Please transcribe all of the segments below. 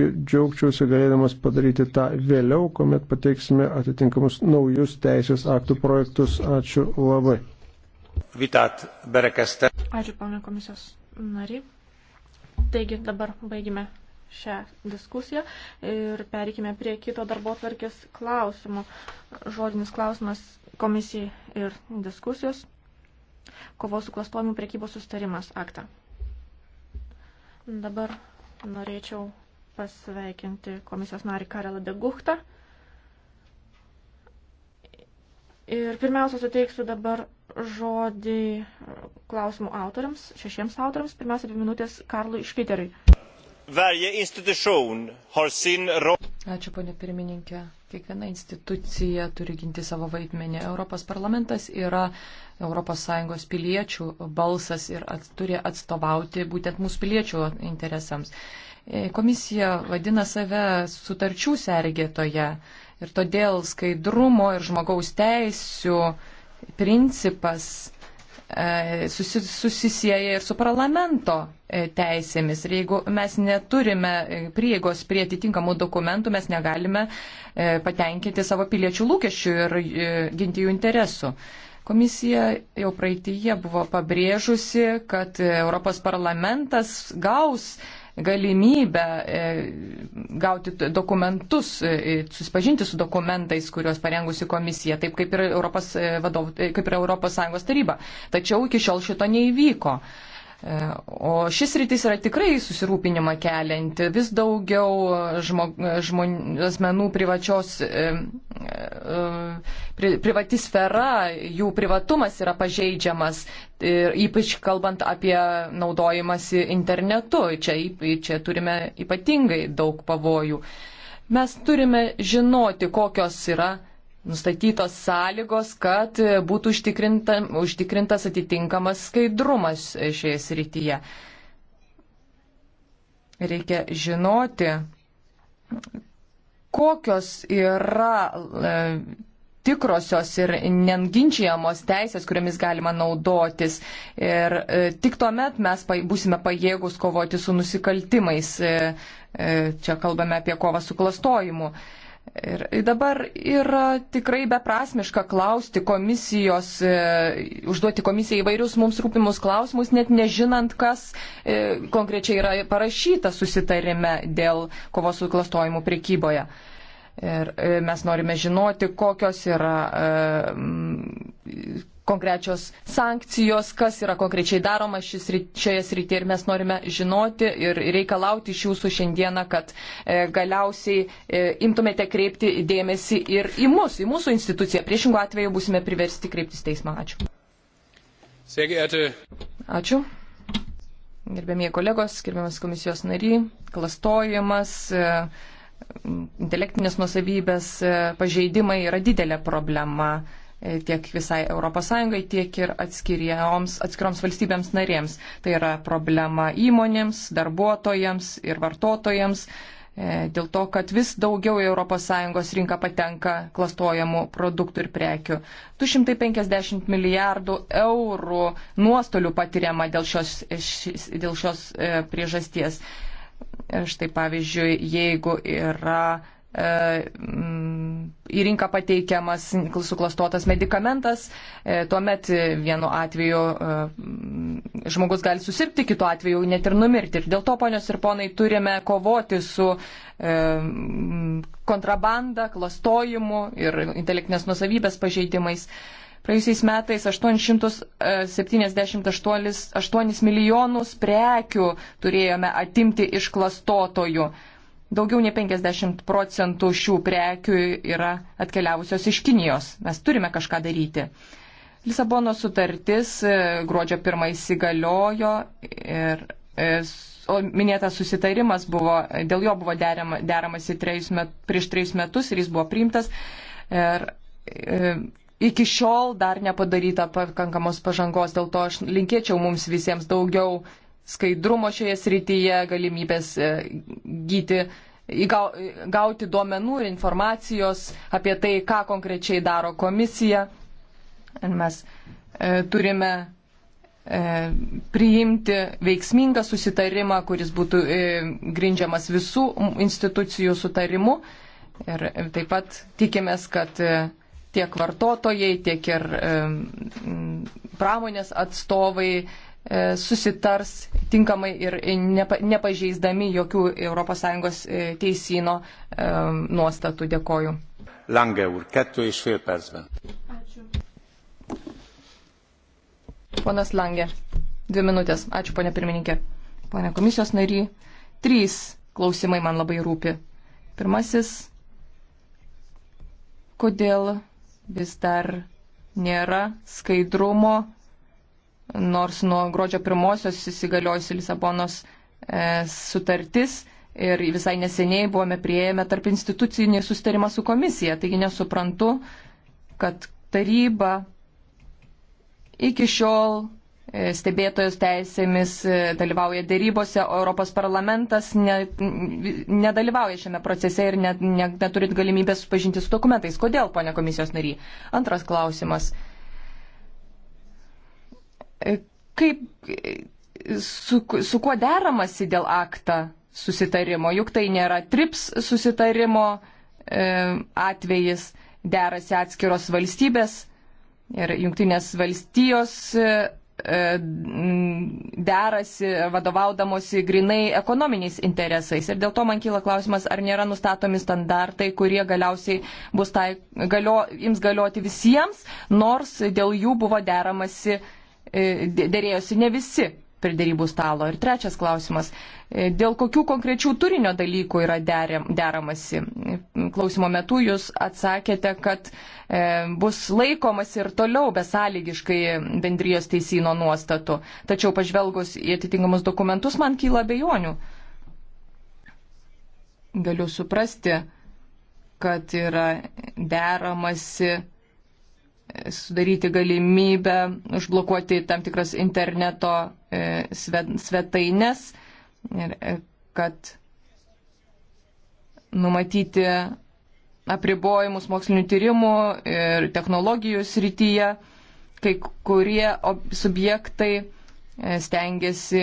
Džiaugčiausi galėdamas padaryti tą vėliau, kuomet pateiksime atitinkamus naujus teisės aktų projektus. Ačiū labai. Vitat Berekeste. Ačiū, pana komisijos nari. Taigi dabar baigime šią diskusiją ir pereikime prie kito darbo atvarkės klausimo. Žodinis klausimas komisijai ir diskusijos. Kovos su klastojimu priekybos sustarimas aktą. Dabar Norėčiau pasveikinti komisijos narį Karelą Deguchtą. Ir pirmiausia, suteiksiu dabar žodį klausimų autoriams, šešiems autoriams. Pirmiausia, dvi minutės Karlui Špiteriui. Varje institution har sin roll. Ačiū, ponė pirmininkė. Kiekviena institucija turi ginti savo vaidmenį. Europos parlamentas yra ES piliečių balsas ir at, turi atstovauti būtent mūsų piliečių interesams. E, komisija vadina save sutarčių sergėtoje ir todėl skaidrumo ir žmogaus teisų principas E, susisieja ir su parlamento e, teisėmis. Ir jeigu mes neturime e, prieigos prie atitinkamų dokumentų, mes negalime patenkinti savo piliečių lūkesčių ir ginti jų interesų. Komisija jau praeitįje buvo pabrėžusi, kad Europos parlamentas gaus galimybę e, gauti dokumentus, e, susipažinti su dokumentais, kuriuos parengusi komisija, taip kaip ir Europos, e, vadov, kaip ir Europos Sąjungos taryba. Tačiau iki šiol šito neįvyko. O šis rytis yra tikrai susirūpinimą kelianti. Vis daugiau žmog, žmon, asmenų privačios, e, e, pri, privati sfera, jų privatumas yra pažeidžiamas, ir ypač kalbant apie naudojimąsi internetu. Čia, čia turime ypatingai daug pavojų. Mes turime žinoti, kokios yra nustatytos sąlygos, kad būtų užtikrinta, užtikrintas atitinkamas skaidrumas šioje srityje. Reikia žinoti, kokios yra e, tikrosios ir nenginčiamos teisės, kuriomis galima naudotis. Ir e, tik tuomet mes pa, būsime pajėgus kovoti su nusikaltimais. E, e, čia kalbame apie kovą su klastojimu. E, Ir dabar yra tikrai beprasmiška klausti komisijos, e, užduoti komisijai įvairius mums rūpimus klausimus, net nežinant, kas e, konkrečiai yra parašyta susitarime dėl kovos su klastojimu prekyboje. Ir e, mes norime žinoti, kokios yra konkrečios sankcijos, kas yra konkrečiai daroma šis, šioje srityje ir mes norime žinoti ir reikalauti iš jūsų šiandieną, kad e, galiausiai e, imtumėte kreipti dėmesį ir į mus, į mūsų instituciją. Priešingų atveju būsime priversti kreiptis teismą. Ačiū. Ačiū. Gerbėmieji kolegos, gerbiamas komisijos nariai, klastojimas, e, intelektinės nusavybės e, pažeidimai yra didelė problema. E, tiek visai ES, tiek ir atskirioms, atskiroms valstybėms narėms. Tai yra problema įmonėms, darbuotojams ir vartotojams. E, dėl to, kad vis daugiau į ES rinką patenka klastojamų produktų ir prekių. 250 milijardų eurų nuostolių patiriama dėl šios, dėl šios e, priežasties. Štai pavyzdžiui, jeigu yra E, mm, į rinką pateikiamas suklastotas medikamentas, e, tuomet vienu atveju e, mm, žmogus gali susirgti, kitu atveju net ir numirti. Ir dėl to, ponios ir ponai, turime kovoti su mm, kontrabanda, klastojimu ir intelektinės nusavybės pažeidimais. Praėjusiais metais 878 milijonus prekių turėjome atimti iš klastotojų. Daugiau nei 50 procentų šių prekių yra atkeliavusios iš Kinijos. Mes turime kažką daryti. Lisabono sutartis e, gruodžio pirmą įsigaliojo ir e, o minėtas susitarimas buvo, dėl jo buvo derama, deramasi met, prieš trejus metus ir jis buvo priimtas. Ir, e, iki šiol dar nepadaryta pakankamos pažangos, dėl to aš linkėčiau mums visiems daugiau skaidrumo šioje srityje, galimybės e, gyti, gauti duomenų ir informacijos apie tai, ką konkrečiai daro komisija. Ir mes e, turime e, priimti veiksmingą susitarimą, kuris būtų grindžiamas visų institucijų sutarimu. Ir taip pat tikimės, kad tiek vartotojai, tiek ir pramonės atstovai E, susitars tinkamai ir nepa, nepažeisdami jokių ES e, teisino e, nuostatų. Dėkoju. Lange úr, kettő és fél percben. Ačiū. Ponas Lange, dvi minutės. Ačiū, ponė pirmininkė. Pone komisijos nary, trys klausimai man labai rūpi. Pirmasis, kodėl vis dar nėra skaidrumo nors nuo gruodžio pirmosios įsigaliojusi Lisabonos e, sutartis ir visai neseniai buvome prieėmę tarp institucinį sustarimą su komisija. Taigi nesuprantu, kad taryba iki šiol e, stebėtojos teisėmis e, dalyvauja dėrybose, o Europos parlamentas ne, nedalyvauja šiame procese ir net, ne, neturit galimybės supažinti su dokumentais. Kodėl, ponia komisijos nary? Antras klausimas. Kaip, su, su kuo deramasi dėl aktą susitarimo, juk tai nėra trips susitarimo e, atvejis, derasi atskiros valstybės ir jungtinės valstijos e, e, derasi vadovaudamosi grinai ekonominiais interesais. Ir dėl to man kyla klausimas, ar nėra nustatomi standartai, kurie galiausiai bus tai, galio, jums galioti visiems, nors dėl jų buvo deramasi E, dėrėjosi ne visi prie dėrybų stalo. Ir trečias klausimas. E, dėl kokių konkrečių turinio dalykų yra deramasi? Klausimo metu jūs atsakėte, kad e, bus laikomas ir toliau besąlygiškai bendrijos teisino nuostatų. Tačiau pažvelgus į atitinkamus dokumentus man kyla bejonių. Galiu suprasti, kad yra deramasi sudaryti galimybę užblokuoti tam tikras interneto e, svetainės ir e, kad numatyti apribojimus mokslinių tyrimų ir technologijų srityje. Kai kurie subjektai e, stengiasi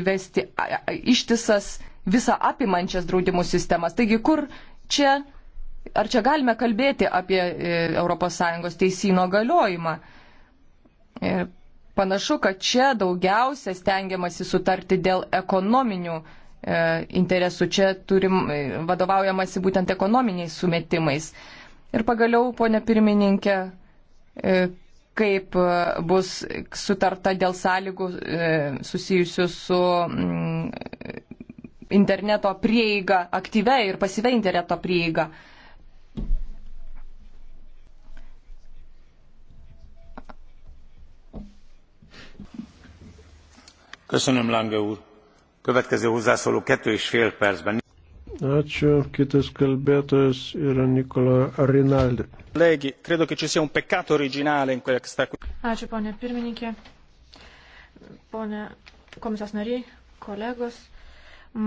įvesti ištisas visą apimančias draudimų sistemas. Taigi, kur čia ar čia galime kalbėti apie ES teisino galiojimą? Ir panašu, kad čia daugiausia stengiamasi sutarti dėl ekonominių e, interesų. Čia turim e, vadovaujamasi būtent ekonominiais sumetimais. Ir pagaliau, ponė pirmininkė, e, kaip e, bus sutarta dėl sąlygų e, susijusių su m, mm, interneto prieiga, aktyvia ir pasive interneto prieiga. E, Köszönöm, Lange úr. Következő hozzászóló kettő és fél percben. Ačiū. Kitas kalbėtojas yra Nikola Rinaldi. Legi, credo che ci sia un peccato originale in questa... Ačiū, ponė pirmininkė. Ponė komisijos nariai, kolegos.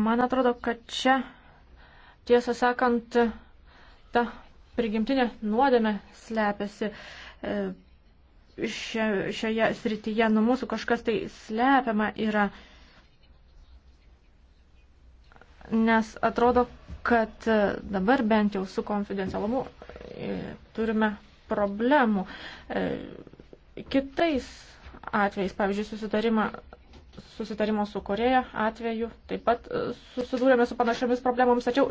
Man atrodo, kad čia, tiesą sakant, ta prigimtinė nuodėme slepiasi. E, šioje srityje nuo mūsų kažkas tai slepiama yra. Nes atrodo, kad dabar bent jau su konfidencialumu e, turime problemų. E, kitais atvejais, pavyzdžiui, susitarimą susitarimo su Koreja atveju taip pat e, susidūrėme su panašiomis problemomis, tačiau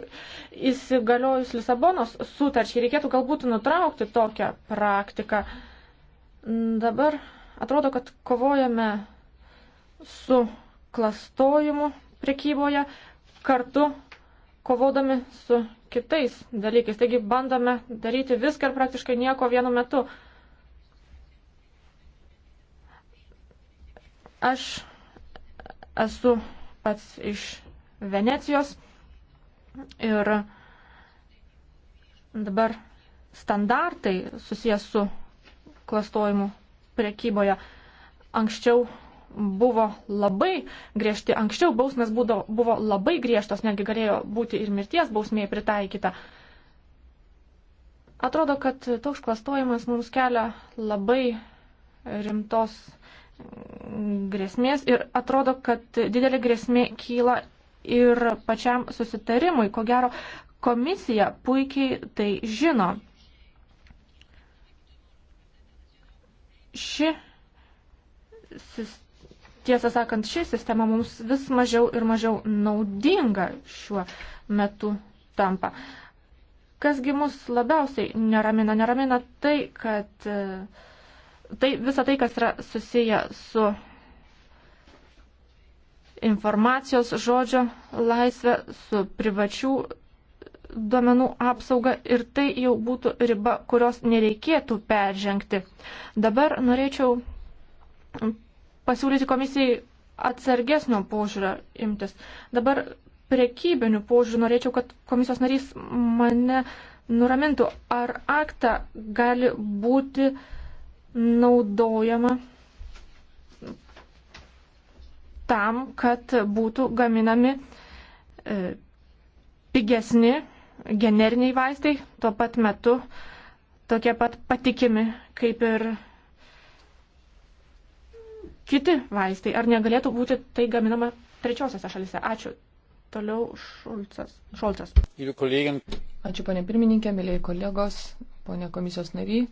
įsigaliojus Lisabonos sutarčiai reikėtų galbūt nutraukti tokią praktiką. Uh, Dabar atrodo, kad kovojame su klastojimu prekyboje kartu kovodami su kitais dalykais. Taigi bandome daryti viską ir praktiškai nieko vienu metu. Aš esu pats iš Venecijos ir dabar standartai susijęs su klastojimu prekyboje. Anksčiau buvo labai griežti, anksčiau bausmės būdo, buvo labai griežtos, netgi galėjo būti ir mirties bausmė pritaikyta. Atrodo, kad toks klastojimas mums kelia labai rimtos grėsmės ir atrodo, kad didelė grėsmė kyla ir pačiam susitarimui. Ko gero, komisija puikiai tai žino. ši, tiesą sakant, ši sistema mums vis mažiau ir mažiau naudinga šiuo metu tampa. Kasgi mus labiausiai neramina? Neramina tai, kad tai, visa tai, kas yra susiję su informacijos žodžio laisvė, su privačių duomenų apsaugą ir tai jau būtų riba, kurios nereikėtų peržengti. Dabar norėčiau pasiūlyti komisijai atsargesnio požiūrio imtis. Dabar prekybinių požiūrių norėčiau, kad komisijos narys mane nuramintų, ar aktą gali būti naudojama tam, kad būtų gaminami e, pigesni generiniai vaistai, tuo pat metu tokie pat patikimi kaip ir kiti vaistai. Ar negalėtų būti tai gaminama trečiosiose šalise? Ačiū. Toliau Šulcas. Šolcas. Ačiū, ponė pirmininkė, mėlyje kolegos, ponė komisijos nariai.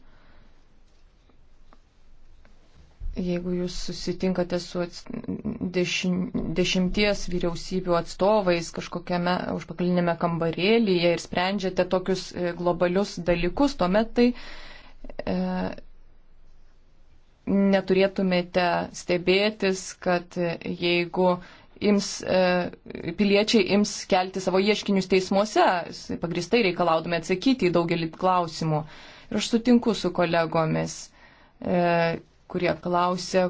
Jeigu jūs susitinkate su dešimties vyriausybių atstovais kažkokiame užpakalinėme kambarėlyje ir sprendžiate tokius e, globalius dalykus, tuomet tai e, neturėtumėte stebėtis, kad e, jeigu ims, e, piliečiai ims kelti savo ieškinius teismuose, pagristai reikalaudami atsakyti į daugelį klausimų. Ir aš sutinku su kolegomis. E, kurie klausia,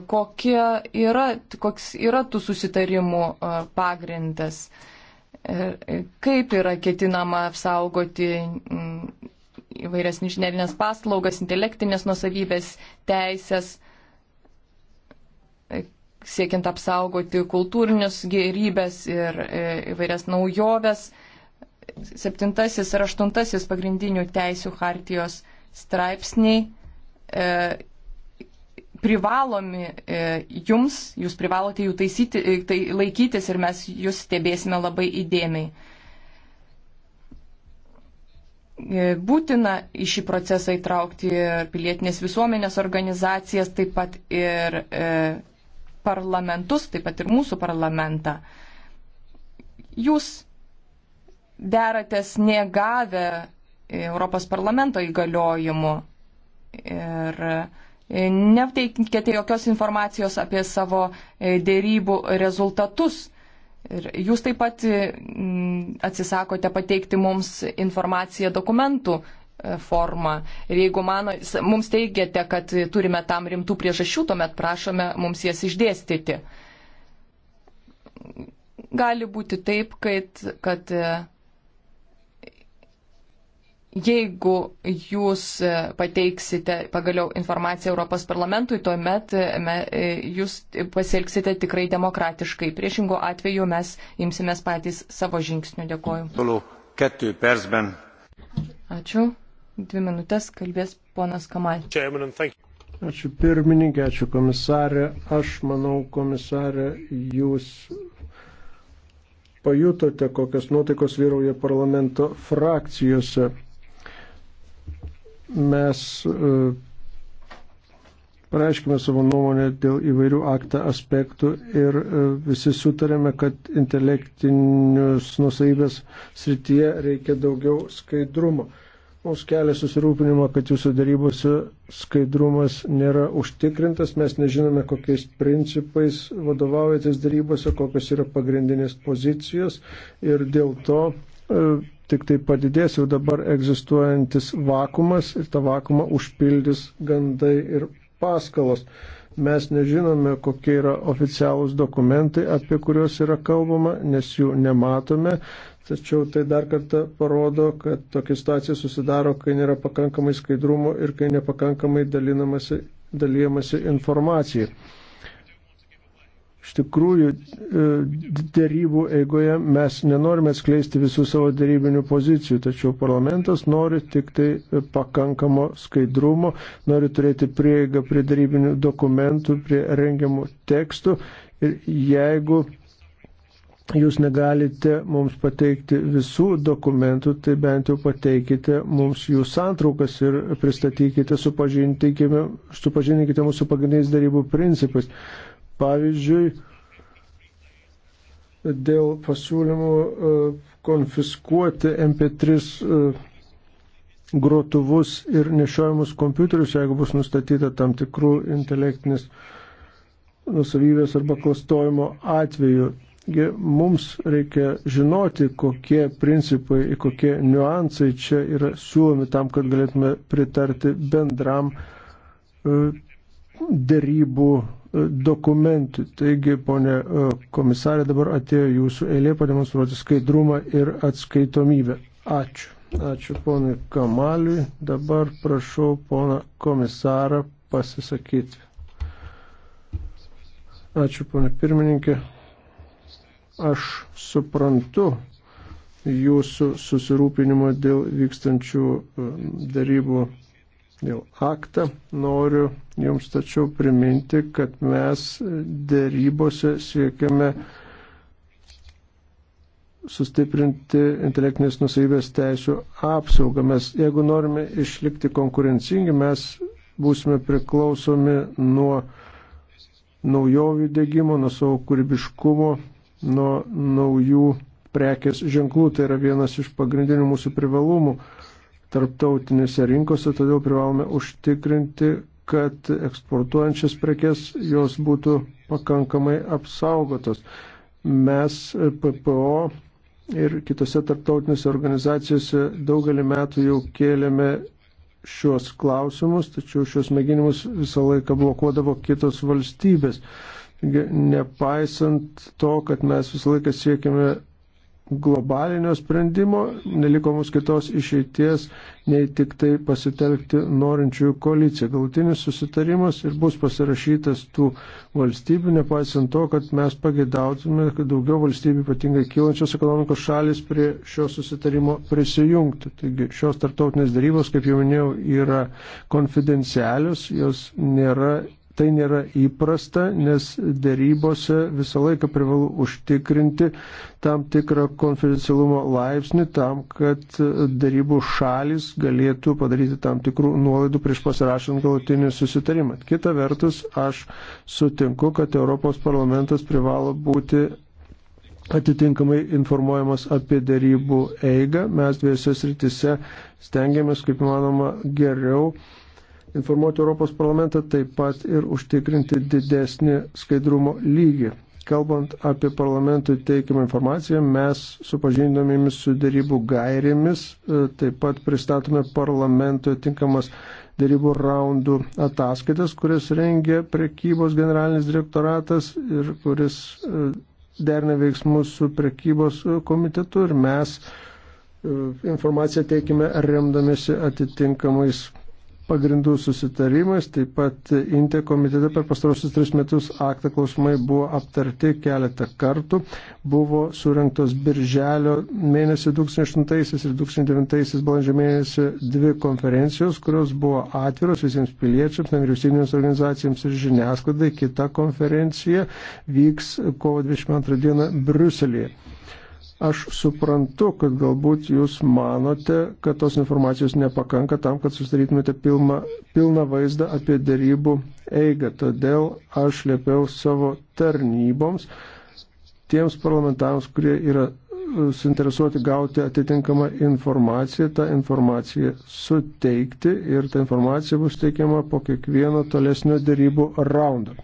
yra, koks yra tų susitarimų pagrindas, e, e, kaip yra ketinama apsaugoti mm, įvairias inžinerinės paslaugas, intelektinės nusavybės, teisės, e, siekiant apsaugoti kultūrinės gerybės ir įvairias naujoves. Septintasis ir aštuntasis pagrindinių teisių hartijos straipsniai e, privalomi e, jums, jūs privalote jų taisyti, e, tai laikytis ir mes jūs stebėsime labai įdėmiai. E, būtina į šį procesą įtraukti ir pilietinės visuomenės organizacijas, taip pat ir parlamentus, taip pat ir mūsų parlamentą. Jūs deratės negavę Europos parlamento įgaliojimų ir uh, neteikėte jokios informacijos apie savo e, dėrybų rezultatus. Ir jūs taip pat e, atsisakote pateikti mums informaciją dokumentų e, forma. Ir jeigu mano, mums teigiate, kad turime tam rimtų priežasčių, tuomet prašome mums jas išdėstyti. Gali būti taip, kad, kad Jeigu jūs pateiksite pagaliau informaciją Europos parlamentui, tuomet jūs pasielgsite tikrai demokratiškai. Priešingų atveju mes imsimės patys savo žingsnių. Dėkuoju. Toliau, Ačiū. Dvi minutės kalbės ponas Kamal. Ačiū pirmininkė, ačiū komisarė. Aš manau, komisarė, jūs pajutote, kokias nuotaikos vyrauja parlamento frakcijose. Mes e, pareiškime savo nuomonę dėl įvairių aktą aspektų ir e, visi sutarėme, kad intelektinius nusaibės srityje reikia daugiau skaidrumo. Mums kelia susirūpinimo, kad jūsų darybose skaidrumas nėra užtikrintas, mes nežinome, kokiais principais vadovaujatės darybose, kokios yra pagrindinės pozicijos ir dėl to e, tik tai padidės jau dabar egzistuojantis vakumas ir tą vakumą užpildys gandai ir paskalos. Mes nežinome, kokie yra oficialūs dokumentai, apie kuriuos yra kalbama, nes jų nematome. Tačiau tai dar kartą parodo, kad tokia situacija susidaro, kai nėra pakankamai skaidrumo ir kai nepakankamai dalyjamasi informacija. Iš tikrųjų, e, dėrybų eigoje mes nenorime skleisti visų savo dėrybinių pozicijų, tačiau parlamentas nori tik tai pakankamo skaidrumo, nori turėti prieigą prie dėrybinių dokumentų, prie rengiamų tekstų ir jeigu jūs negalite mums pateikti visų dokumentų, tai bent jau pateikite mums jų santraukas ir pristatykite, supažinkite mūsų pagrindiniais darybų principais. Pavyzdžiui, dėl pasiūlymų e, konfiskuoti MP3 e, grotuvus ir nešiojamus kompiuterius, jeigu bus nustatyta tam tikrų intelektinės nusavybės arba klastojimo atveju. Mums reikia žinoti, kokie principai ir kokie niuansai čia yra siūlomi tam, kad galėtume pritarti bendram e, dėrybų dokumentų. Taigi, ponė e, komisarė, dabar atėjo jūsų eilė pademonstruoti skaidrumą ir atskaitomybę. Ačiū. Ačiū ponui Kamaliui. Dabar prašau poną komisarą pasisakyti. Ačiū ponė pirmininkė. Aš suprantu jūsų susirūpinimo dėl vykstančių e, darybų dėl aktą. Noriu Jums tačiau priminti, kad mes dėrybose siekiame sustiprinti intelektinės nusavybės teisų apsaugą. Mes, jeigu norime išlikti konkurencingi, mes būsime priklausomi nuo naujovių dėgymo, nuo savo kūrybiškumo, nuo naujų prekės ženklų. Tai yra vienas iš pagrindinių mūsų privalumų tarptautinėse rinkose, todėl privalome užtikrinti, kad eksportuojančias prekes jos būtų pakankamai apsaugotos. Mes PPO ir kitose tarptautinėse organizacijose daugelį metų jau kėlėme šios klausimus, tačiau šios mėginimus visą laiką blokuodavo kitos valstybės. Nepaisant to, kad mes visą laiką siekiame globalinio sprendimo, neliko mums kitos išeities, nei tik tai pasitelkti norinčiųjų koaliciją. Galutinis susitarimas ir bus pasirašytas tų valstybių, nepaisant to, kad mes pagėdautume, kad daugiau valstybių, ypatingai kylančios ekonomikos šalis, prie šio susitarimo prisijungtų. Taigi šios tartautinės darybos, kaip jau minėjau, yra konfidencialius, jos nėra Tai nėra įprasta, nes dėrybose visą laiką privalu užtikrinti tam tikrą konfidencialumo laipsnį tam, kad dėrybų šalis galėtų padaryti tam tikrų nuolaidų prieš pasirašant galutinį susitarimą. Kita vertus, aš sutinku, kad Europos parlamentas privalo būti atitinkamai informuojamas apie dėrybų eigą. Mes dviejose sritise stengiamės, kaip manoma, geriau informuoti Europos parlamentą, taip pat ir užtikrinti didesnį skaidrumo lygį. Kalbant apie parlamentui teikiamą informaciją, mes supažindomėmis su darybų gairėmis, e, taip pat pristatome parlamentui tinkamas darybų raundų ataskaitas, kuris rengia prekybos generalinis direktoratas ir kuris e, derina veiksmus su prekybos e, komitetu ir mes informaciją teikime remdamėsi atitinkamais pagrindų susitarimais, taip pat Inte komitete per pastarosius tris metus aktą klausimai buvo aptarti keletą kartų, buvo surinktos birželio mėnesį 2008 ir 2009 balandžio mėnesį dvi konferencijos, kurios buvo atviros visiems piliečiams, nevyriausybinėms organizacijams ir žiniasklaidai. Kita konferencija vyks kovo 22 dieną Bruselėje. Aš suprantu, kad galbūt jūs manote, kad tos informacijos nepakanka tam, kad susidarytumėte pilną, pilną vaizdą apie dėrybų eigą. Todėl aš liepiau savo tarnyboms, tiems parlamentarams, kurie yra e, suinteresuoti gauti atitinkamą informaciją, tą informaciją suteikti ir ta informacija bus teikiama po kiekvieno tolesnio dėrybų raundo.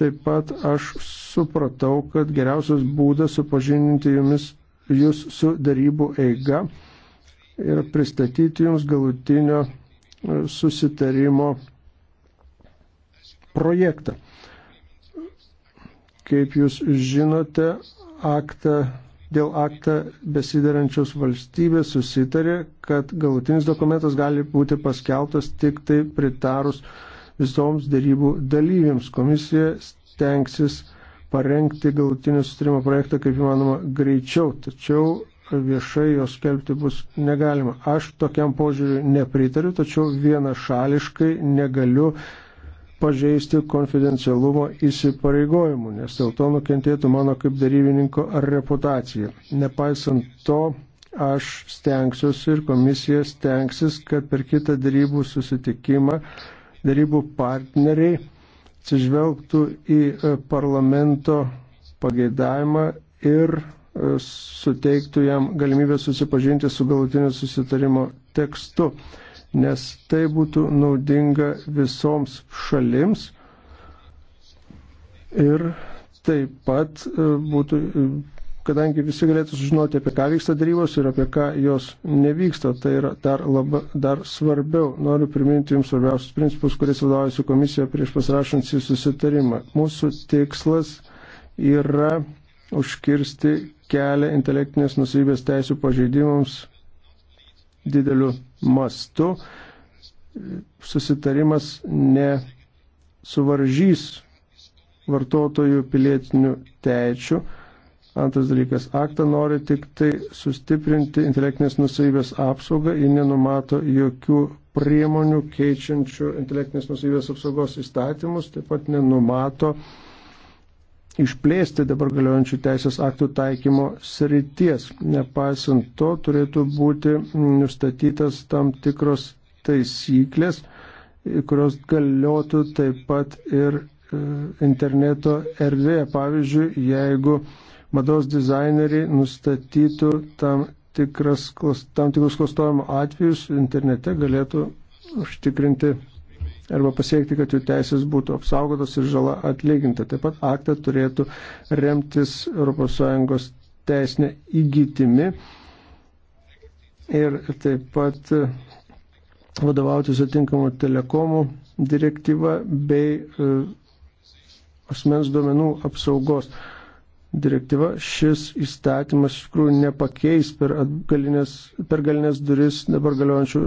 Taip pat aš supratau, kad geriausias būdas supažininti jumis, jūs su darybų eiga ir pristatyti jums galutinio e, susitarimo projektą. Kaip jūs žinote, aktą, dėl aktą besidarančios valstybės susitarė, kad galutinis dokumentas gali būti paskeltas tik tai pritarus uh, visoms darybų dalyviams. Komisija stengsis parengti galutinį sutrimo projektą kaip įmanoma greičiau, tačiau viešai jos skelbti bus negalima. Aš tokiam požiūriu nepritariu, tačiau vienašališkai negaliu pažeisti konfidencialumo įsipareigojimų, nes dėl to nukentėtų mano kaip darybininko ar reputacija. Nepaisant to, aš stengsiuosi ir komisija stengsis, kad per kitą darybų susitikimą darybų partneriai atsižvelgtų į e, parlamento pageidavimą ir e, suteiktų jam galimybę susipažinti su galutiniu susitarimo tekstu, nes tai būtų naudinga visoms šalims ir taip pat e, būtų kadangi visi galėtų sužinoti, apie ką vyksta darybos ir apie ką jos nevyksta. Tai yra dar, laba, dar svarbiau. Noriu priminti Jums svarbiausius principus, kuriais vadovaujasi komisija prieš pasirašant šį susitarimą. Mūsų tikslas yra užkirsti kelią intelektinės nusavybės teisų pažeidimams dideliu mastu. Susitarimas nesuvaržys vartotojų pilietinių tečių Antras dalykas, aktą nori tik tai sustiprinti intelektinės nusavybės apsaugą, ji nenumato jokių priemonių keičiančių intelektinės nusavybės apsaugos įstatymus, taip pat nenumato išplėsti dabar galiojančių teisės aktų taikymo srities. Nepaisant to, turėtų būti nustatytas tam tikros taisyklės, kurios galiotų taip pat ir e, interneto erdvėje. Pavyzdžiui, jeigu mados dizaineriai nustatytų tam, tikras, tam tikrus klastojimo atvejus internete galėtų užtikrinti arba pasiekti, kad jų teisės būtų apsaugotos ir žala atlyginta. Taip pat aktą turėtų remtis ES teisinė įgytimi ir taip pat vadovautis atinkamų telekomų direktyva bei e, asmens duomenų apsaugos direktyva, šis įstatymas iš tikrųjų nepakeis per, galinės, per galinės duris dabar galiojančių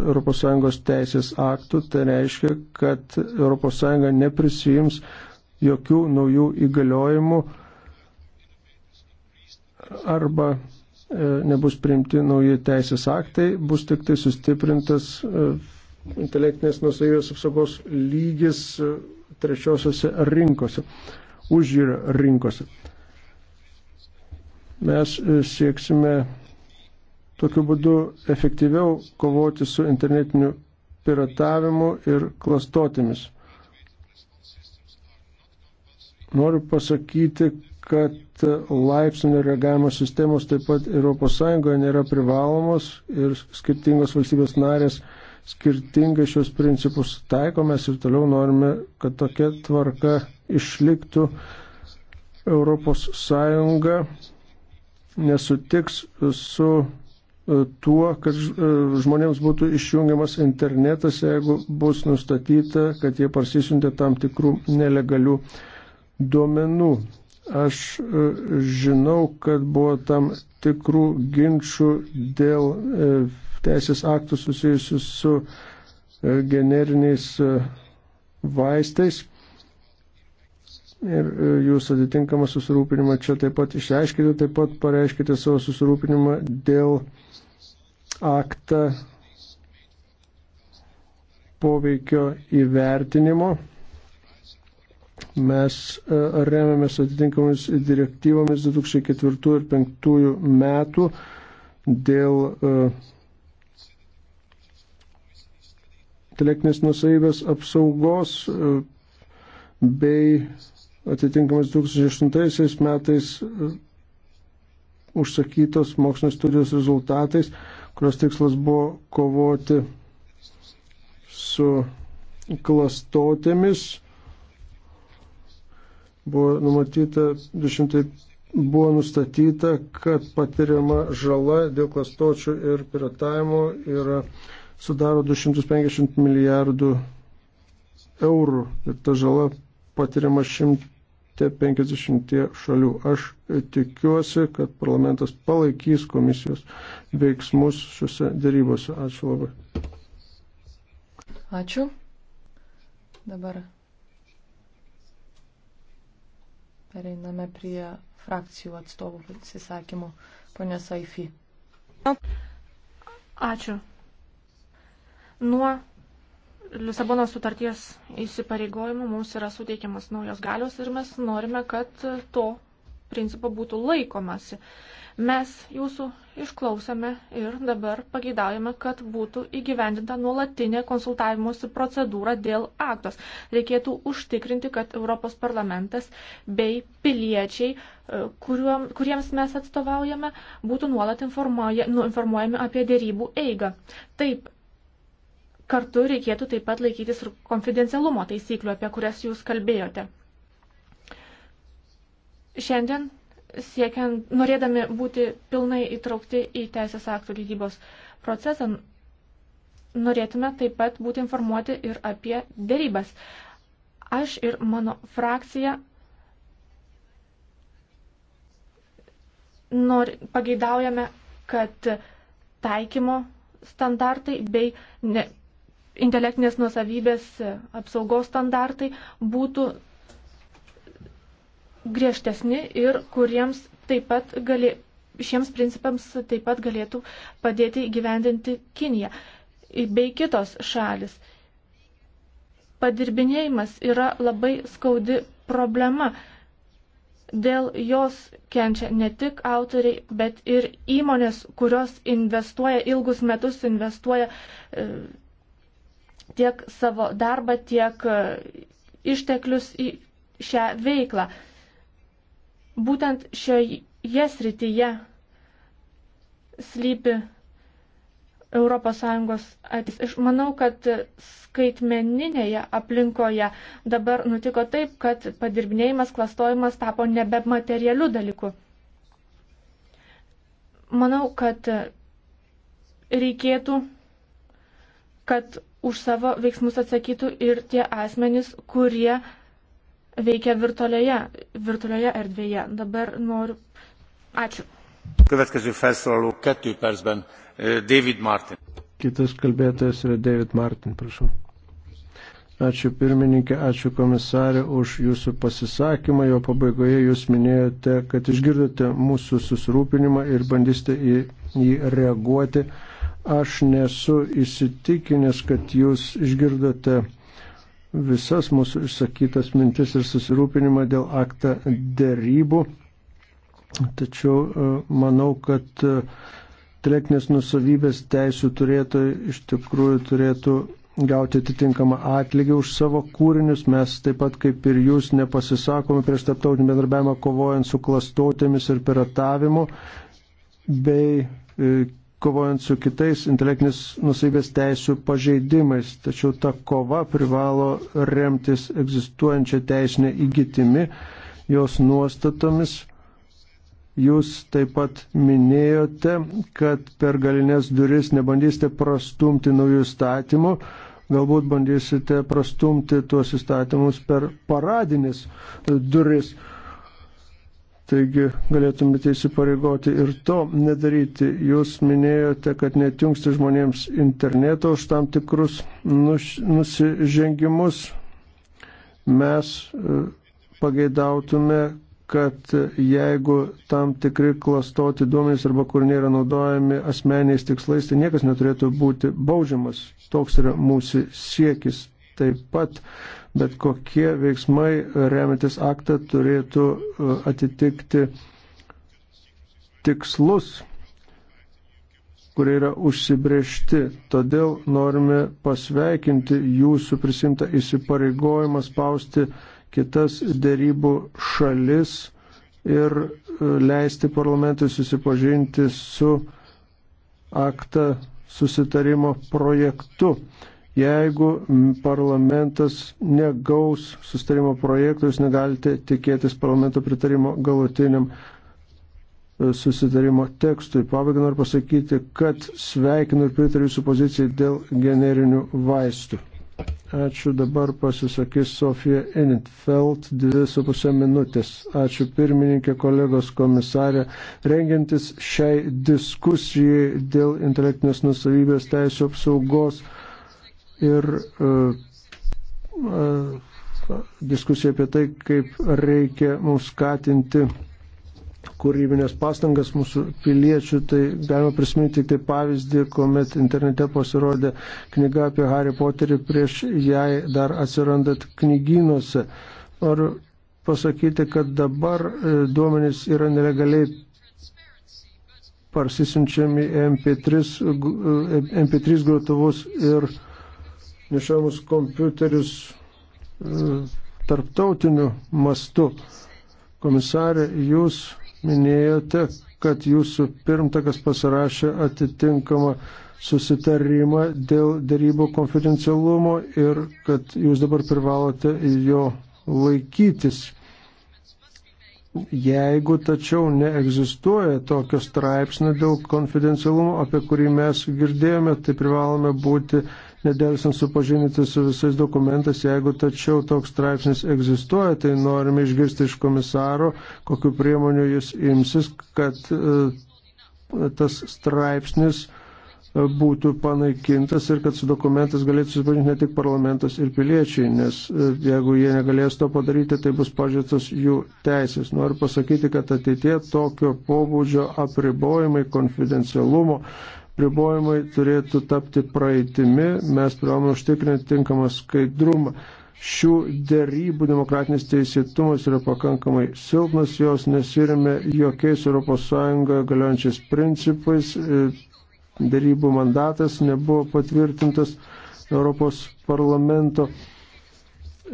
ES teisės aktų. Tai reiškia, kad ES neprisijims jokių naujų įgaliojimų arba e, nebus priimti nauji teisės aktai, bus tik tai sustiprintas e, intelektinės nusavybės apsaugos lygis e, trečiosiose rinkose, užjūrio rinkose. Mes e, sieksime tokiu būdu efektyviau kovoti su internetiniu piratavimu ir klastotėmis. Noriu pasakyti, kad e, laipsnio reagavimo sistemos taip pat ES nėra privalomos ir skirtingos valstybės narės skirtingai šios principus taikomės ir toliau norime, kad tokia tvarka išliktų ES nesutiks su e, tuo, kad e, žmonėms būtų išjungiamas internetas, jeigu bus nustatyta, kad jie parsisiuntė tam tikrų nelegalių duomenų. Aš e, žinau, kad buvo tam tikrų ginčių dėl teisės aktų susijusių su generiniais vaistais ir e, jūs atitinkamą susirūpinimą čia taip pat išreiškite, taip pat pareiškite savo susirūpinimą dėl aktą poveikio įvertinimo. Mes e, remiamės atitinkamomis direktyvomis 2004 ir 2005 metų dėl e, intelektinės nusavybės apsaugos bei atitinkamas 2008 metais e, užsakytos mokslinės studijos rezultatais, kurios tikslas buvo kovoti su klastotėmis. Buvo numatyta 200 buvo nustatyta, kad patiriama žala dėl klastočių ir piratavimo yra sudaro 250 milijardų eurų ir ta žala patiriama šimt, 50 šalių. Aš e, tikiuosi, kad parlamentas palaikys komisijos veiksmus šiuose dėrybose. Ačiū labai. Ačiū. Dabar pereiname prie frakcijų atstovų pasisakymų. Pone Saifi. Ačiū. Nuo Lisabono sutarties įsipareigojimų mums yra suteikiamas naujos galios ir mes norime, kad to principo būtų laikomasi. Mes jūsų išklausėme ir dabar pageidaujame, kad būtų įgyvendinta nuolatinė konsultavimuose procedūra dėl aktos. Reikėtų užtikrinti, kad Europos parlamentas bei piliečiai, e, kuriuom, kuriems mes atstovaujame, būtų nuolat informuoja, nu, informuojami apie dėrybų eigą. Taip, Kartu reikėtų taip pat laikytis ir konfidencialumo taisyklių, apie kurias jūs kalbėjote. Šiandien siekiant, norėdami būti pilnai įtraukti į teisės aktų lygybos procesą, norėtume taip pat būti informuoti ir apie dėrybas. Aš ir mano frakcija nor, pageidaujame, kad taikymo standartai bei ne, intelektinės nusavybės apsaugos standartai būtų griežtesni ir kuriems taip pat gali, šiems principams taip pat galėtų padėti gyvendinti Kinija bei kitos šalis. Padirbinėjimas yra labai skaudi problema. Dėl jos kenčia ne tik autoriai, bet ir įmonės, kurios investuoja ilgus metus, investuoja e, tiek savo darbą, tiek e, išteklius į šią veiklą. Būtent šioje srityje slypi ES ateitis. Aš manau, kad skaitmeninėje aplinkoje dabar nutiko taip, kad padirbinėjimas, klastojimas tapo nebe materialiu dalyku. Manau, kad reikėtų, kad už savo veiksmus atsakytų ir tie asmenys, kurie veikia virtualioje, virtualioje erdvėje. Dabar noriu. Ačiū. Kitas kalbėtojas yra David Martin, prašau. Ačiū pirmininkė, ačiū komisarė už jūsų pasisakymą. Jo pabaigoje jūs minėjote, kad išgirdote mūsų susirūpinimą ir bandysite į jį reaguoti. Aš nesu įsitikinęs, kad jūs išgirdote visas mūsų išsakytas mintis ir susirūpinimą dėl aktą dėrybų. Tačiau e, manau, kad intelektinės e, nusavybės teisų turėtojai iš tikrųjų turėtų gauti atitinkamą atlygį už savo kūrinius. Mes taip pat kaip ir jūs nepasisakome prieš tarptautinį bendarbiavimą kovojant su klastotėmis ir piratavimu bei e, kovojant su kitais intelektinės nusaibės teisų pažeidimais. Tačiau ta kova privalo remtis egzistuojančią teisinę įgytimi, jos nuostatomis. Jūs taip pat minėjote, kad per galinės duris nebandysite prastumti naujų statymų, galbūt bandysite prastumti tuos įstatymus per paradinės duris. Taigi galėtumėte įsipareigoti ir to nedaryti. Jūs minėjote, kad netjungsti žmonėms interneto už tam tikrus nusižengimus. Mes e, pageidautume, kad jeigu tam tikri klastoti duomenys arba kur nėra naudojami asmeniais tikslais, tai niekas neturėtų būti baudžiamas. Toks yra mūsų siekis taip pat, bet kokie veiksmai remiantis aktą turėtų e, atitikti tikslus, kurie yra užsibriežti. Todėl norime pasveikinti jūsų prisimtą įsipareigojimą spausti kitas dėrybų šalis ir e, leisti parlamentui susipažinti su aktą susitarimo projektu. Jeigu parlamentas negaus sustarimo projektų, jūs negalite tikėtis parlamento pritarimo galutiniam e, susitarimo tekstui. Pabaigą noriu pasakyti, kad sveikinu ir pritariu jūsų pozicijai dėl generinių vaistų. Ačiū, dabar pasisakys Sofija Enitfeld, 2,5 minutės. Ačiū pirmininkė, kolegos komisarė. Rengiantis šiai diskusijai dėl intelektinės nusavybės teisų apsaugos ir e, e, diskusija apie tai, kaip reikia mums skatinti kūrybinės pastangas mūsų piliečių, tai galima prisiminti tik tai pavyzdį, kuomet internete pasirodė knyga apie Harry Potterį, prieš jai dar atsirandat knygynuose. Noriu pasakyti, kad dabar e, duomenys yra nelegaliai parsisinčiami MP3, MP3 grotuvus ir nešiojamus kompiuterius e, tarptautiniu mastu. Komisarė, jūs minėjote, kad jūsų pirmtakas pasirašė atitinkamą susitarimą dėl darybų konfidencialumo ir kad jūs dabar privalote jo laikytis. Jeigu tačiau neegzistuoja tokio straipsnio dėl konfidencialumo, apie kurį mes girdėjome, tai privalome būti nedelsant supažinti su visais dokumentais. Jeigu tačiau toks straipsnis egzistuoja, tai norime išgirsti iš komisaro, kokiu priemoniu jis imsis, kad e, tas straipsnis e, būtų panaikintas ir kad su dokumentais galėtų susipažinti ne tik parlamentas ir piliečiai, nes e, jeigu jie negalės to padaryti, tai bus pažėtos jų teisės. Noriu pasakyti, kad ateitie tokio pobūdžio apribojimai konfidencialumo pribojimai turėtų tapti praeitimi, mes privalome užtikrinti tinkamą skaidrumą. Šių dėrybų demokratinis teisėtumas yra pakankamai silpnas, jos nesirime jokiais ES galiojančiais principais, e, dėrybų mandatas nebuvo patvirtintas Europos parlamento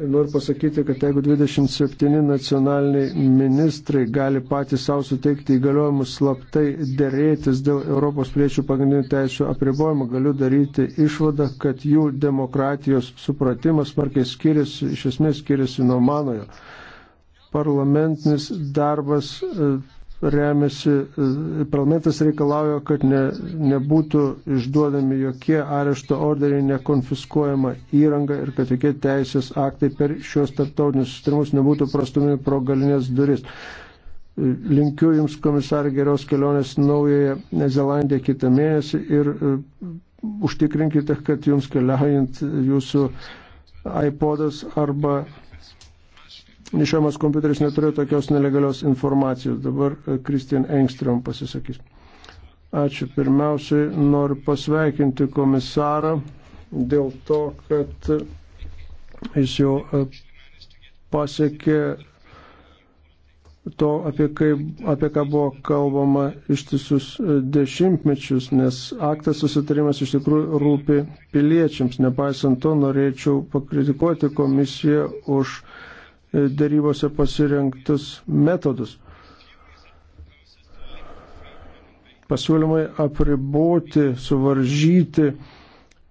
noriu pasakyti, kad jeigu 27 nacionaliniai ministrai gali patys savo suteikti įgaliojimus slaptai dėrėtis dėl Europos priečių pagrindinių teisų apribojimo, galiu daryti išvadą, kad jų demokratijos supratimas smarkiai skiriasi, iš esmės skiriasi nuo manojo. Parlamentinis darbas e, remiasi, parlamentas reikalauja, kad ne, nebūtų išduodami jokie arešto orderiai, nekonfiskuojama įranga ir kad jokie teisės aktai per šios tarptautinius sustarimus nebūtų prastumi pro galinės duris. Linkiu Jums, komisarė, geros kelionės naujoje Zelandijoje kitą mėnesį ir e, užtikrinkite, kad Jums keliaujant Jūsų iPodas arba nešiojamas kompiuteris neturėjo tokios nelegalios informacijos. Dabar Kristian e, Engstrom pasisakys. Ačiū. Pirmiausiai noriu pasveikinti komisarą dėl to, kad jis jau e, pasiekė to, apie, kaip, apie ką buvo kalbama ištisus e, dešimtmečius, nes aktas susitarimas iš tikrųjų rūpi piliečiams. Nepaisant to, norėčiau pakritikuoti komisiją už uh, E, darybose pasirinktus metodus. Pasiūlymai apriboti, suvaržyti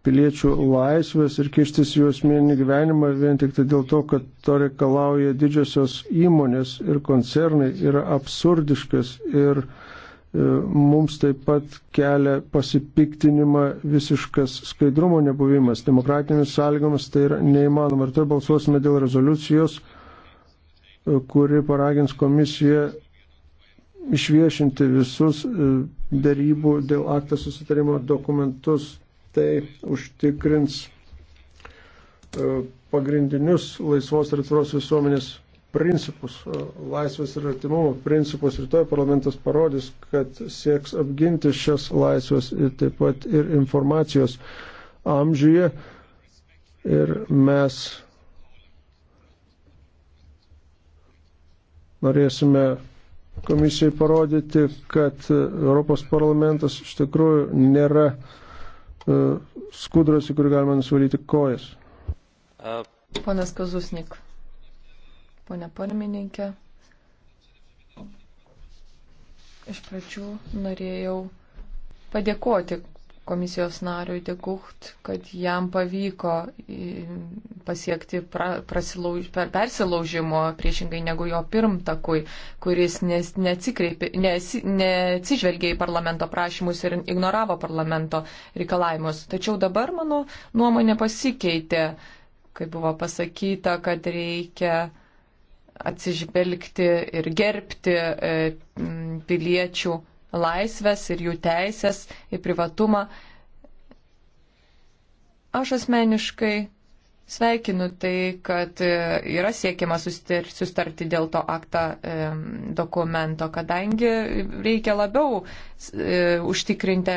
piliečių laisvės ir kištis jų asmeninį gyvenimą vien tik tai dėl to, kad to reikalauja didžiosios įmonės ir koncernai yra absurdiškas ir e, mums taip pat kelia pasipiktinimą visiškas skaidrumo nebuvimas. Demokratinėmis sąlygomis tai yra neįmanoma. Ir tai balsuosime dėl rezoliucijos kuri paragins komisiją išviešinti visus e, darybų dėl aktą susitarimo dokumentus. Tai užtikrins e, pagrindinius laisvos ir atviros visuomenės principus, e, laisvės ir artimumo principus. Rytoj parlamentas parodys, kad sieks apginti šias laisvės ir taip pat ir informacijos amžiuje. Ir mes norėsime komisijai parodyti, kad Europos parlamentas iš tikrųjų nėra e, skudras, į kurį galima nusivalyti kojas. Ponas Kazusnik, ponė pirmininkė, iš pradžių norėjau padėkoti komisijos nariui Dekucht, kad jam pavyko pasiekti pra, prasilauž, per, persilaužimo priešingai negu jo pirmtakui, kuris nes, neatsižvelgė į parlamento prašymus ir ignoravo parlamento reikalavimus. Tačiau dabar mano nuomonė pasikeitė, kai buvo pasakyta, kad reikia atsižvelgti ir gerbti e, piliečių laisvės ir jų teisės į privatumą. Aš asmeniškai sveikinu tai, kad e, yra siekiama sustarti dėl to aktą e, dokumento, kadangi reikia labiau e, užtikrinti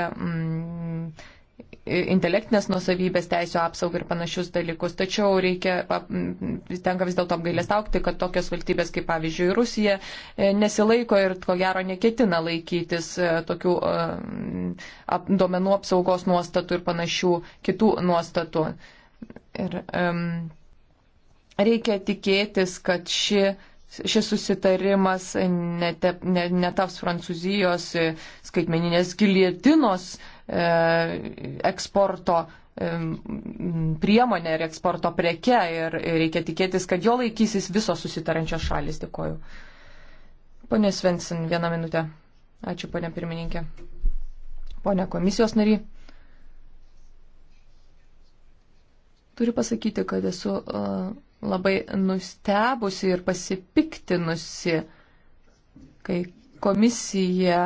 intelektinės nusavybės teisų apsaugą ir panašius dalykus. Tačiau reikia, tenka vis dėlto apgailestaukti, kad tokios valstybės kaip pavyzdžiui Rusija e, nesilaiko ir ko gero neketina laikytis e, tokių e, ap, duomenų apsaugos nuostatų ir panašių kitų nuostatų. Ir um, reikia tikėtis, kad ši šis susitarimas netaps ne, ne Prancūzijos skaitmeninės gilietinos E, eksporto e, priemonė ir eksporto preke ir reikia tikėtis, kad jo laikysis visos susitarančios šalis. Dėkoju. Pone Svensin, vieną minutę. Ačiū, ponė pirmininkė. Pone komisijos nary. Turiu pasakyti, kad esu uh, labai nustebusi ir pasipiktinusi, kai komisija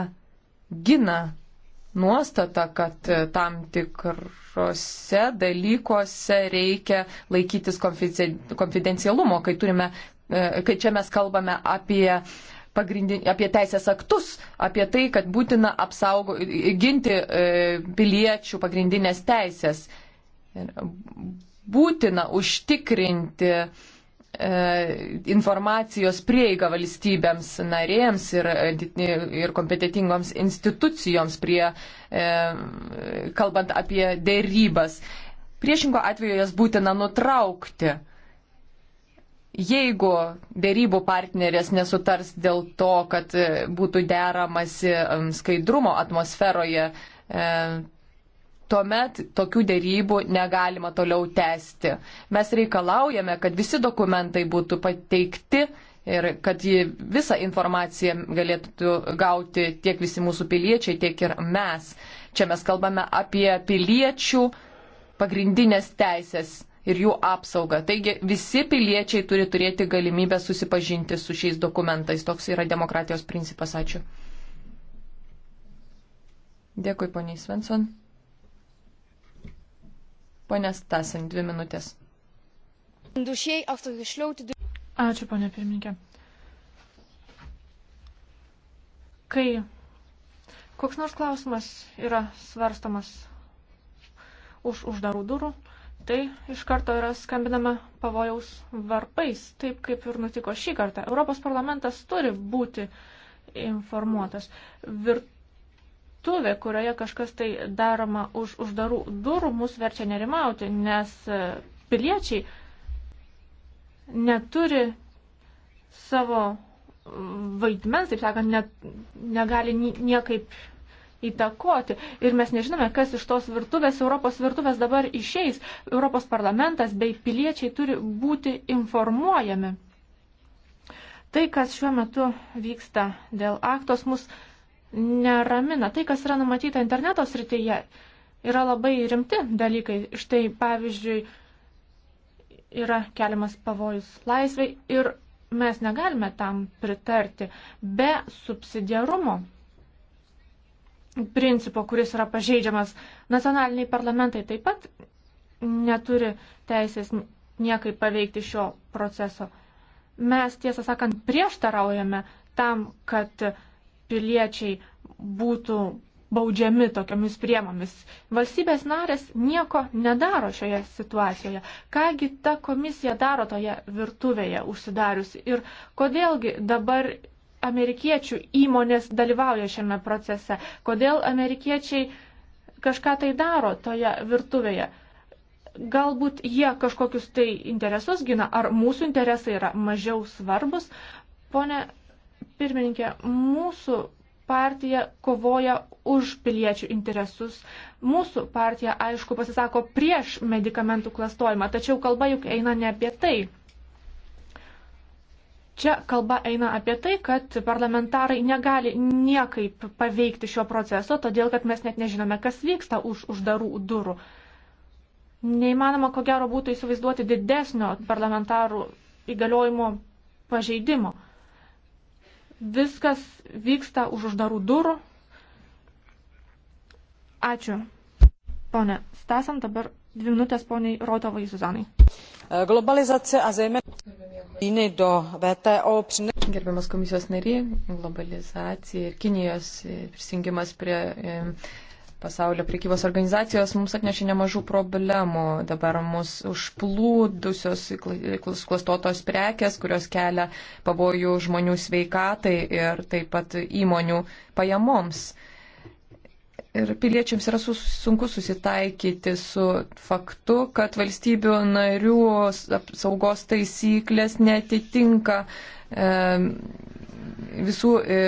gina nuostata, kad e, tam tikrose dalykuose reikia laikytis konfidencialumo, kai, turime, e, kai čia mes kalbame apie apie teisės aktus, apie tai, kad būtina apsaugo, ginti e, piliečių pagrindinės teisės. Būtina užtikrinti e, E, informacijos prieiga valstybėms narėms ir, e, ir kompetitingoms institucijoms prie, e, kalbant apie dėrybas. Priešingo atveju jas būtina nutraukti. Jeigu dėrybų partnerės nesutars dėl to, kad būtų deramasi skaidrumo atmosferoje, tuomet tokių dėrybų negalima toliau tęsti. Mes reikalaujame, kad visi dokumentai būtų pateikti ir kad visą informaciją galėtų gauti tiek visi mūsų piliečiai, tiek ir mes. Čia mes kalbame apie piliečių pagrindinės teisės ir jų apsaugą. Taigi visi piliečiai turi turėti galimybę susipažinti su šiais dokumentais. Toks yra demokratijos principas. Ačiū. Dėkui, poniai Svensson. Pone Stasin, dvi minutės. Ačiū, ponė pirmininkė. Kai koks nors klausimas yra svarstamas už uždarų durų, tai iš karto yra skambinama pavojaus varpais, taip kaip ir nutiko šį kartą. Europos parlamentas turi būti informuotas. Virt dirbtuvė, kurioje kažkas tai daroma už uždarų durų, mus verčia nerimauti, nes e, piliečiai neturi savo mm, vaidmens, taip sakant, ne, negali niekaip įtakoti. Ir mes nežinome, kas iš tos virtuvės, Europos virtuvės dabar išeis. Europos parlamentas bei piliečiai turi būti informuojami. Tai, kas šiuo metu vyksta dėl aktos, mus neramina. Tai, kas yra numatyta interneto srityje, yra labai rimti dalykai. Štai, pavyzdžiui, yra keliamas pavojus laisvai ir mes negalime tam pritarti be subsidiarumo principo, kuris yra pažeidžiamas. Nacionaliniai parlamentai taip pat neturi teisės niekaip paveikti šio proceso. Mes, tiesą sakant, prieštaraujame tam, kad piliečiai būtų baudžiami tokiamis priemomis. Valstybės narės nieko nedaro šioje situacijoje. Kągi ta komisija daro toje virtuvėje užsidariusi ir kodėlgi dabar amerikiečių įmonės dalyvauja šiame procese, kodėl amerikiečiai kažką tai daro toje virtuvėje. Galbūt jie kažkokius tai interesus gina, ar mūsų interesai yra mažiau svarbus. Pone pirmininkė, mūsų partija kovoja už piliečių interesus. Mūsų partija, aišku, pasisako prieš medikamentų klastojimą, tačiau kalba juk eina ne apie tai. Čia kalba eina apie tai, kad parlamentarai negali niekaip paveikti šio proceso, todėl kad mes net nežinome, kas vyksta už uždarų durų. Neįmanoma, ko gero, būtų įsivaizduoti didesnio parlamentarų įgaliojimo pažeidimo. Viskas vyksta už uždarų durų. Ačiū. Pone Stasant, dabar dvi minutės poniai Rotovai Zuzanai. E, globalizacija azėmė įnei do VTO. Gerbiamas komisijos nariai, globalizacija ir Kinijos prisijungimas prie Pasaulio prekybos organizacijos mums atnešė nemažų problemų. Dabar mus užplūdusios klastotos prekes, kurios kelia pavojų žmonių sveikatai ir taip pat įmonių pajamoms. Ir piliečiams yra sus, sunku susitaikyti su faktu, kad valstybių narių apsaugos taisyklės netitinka. E, visų, e,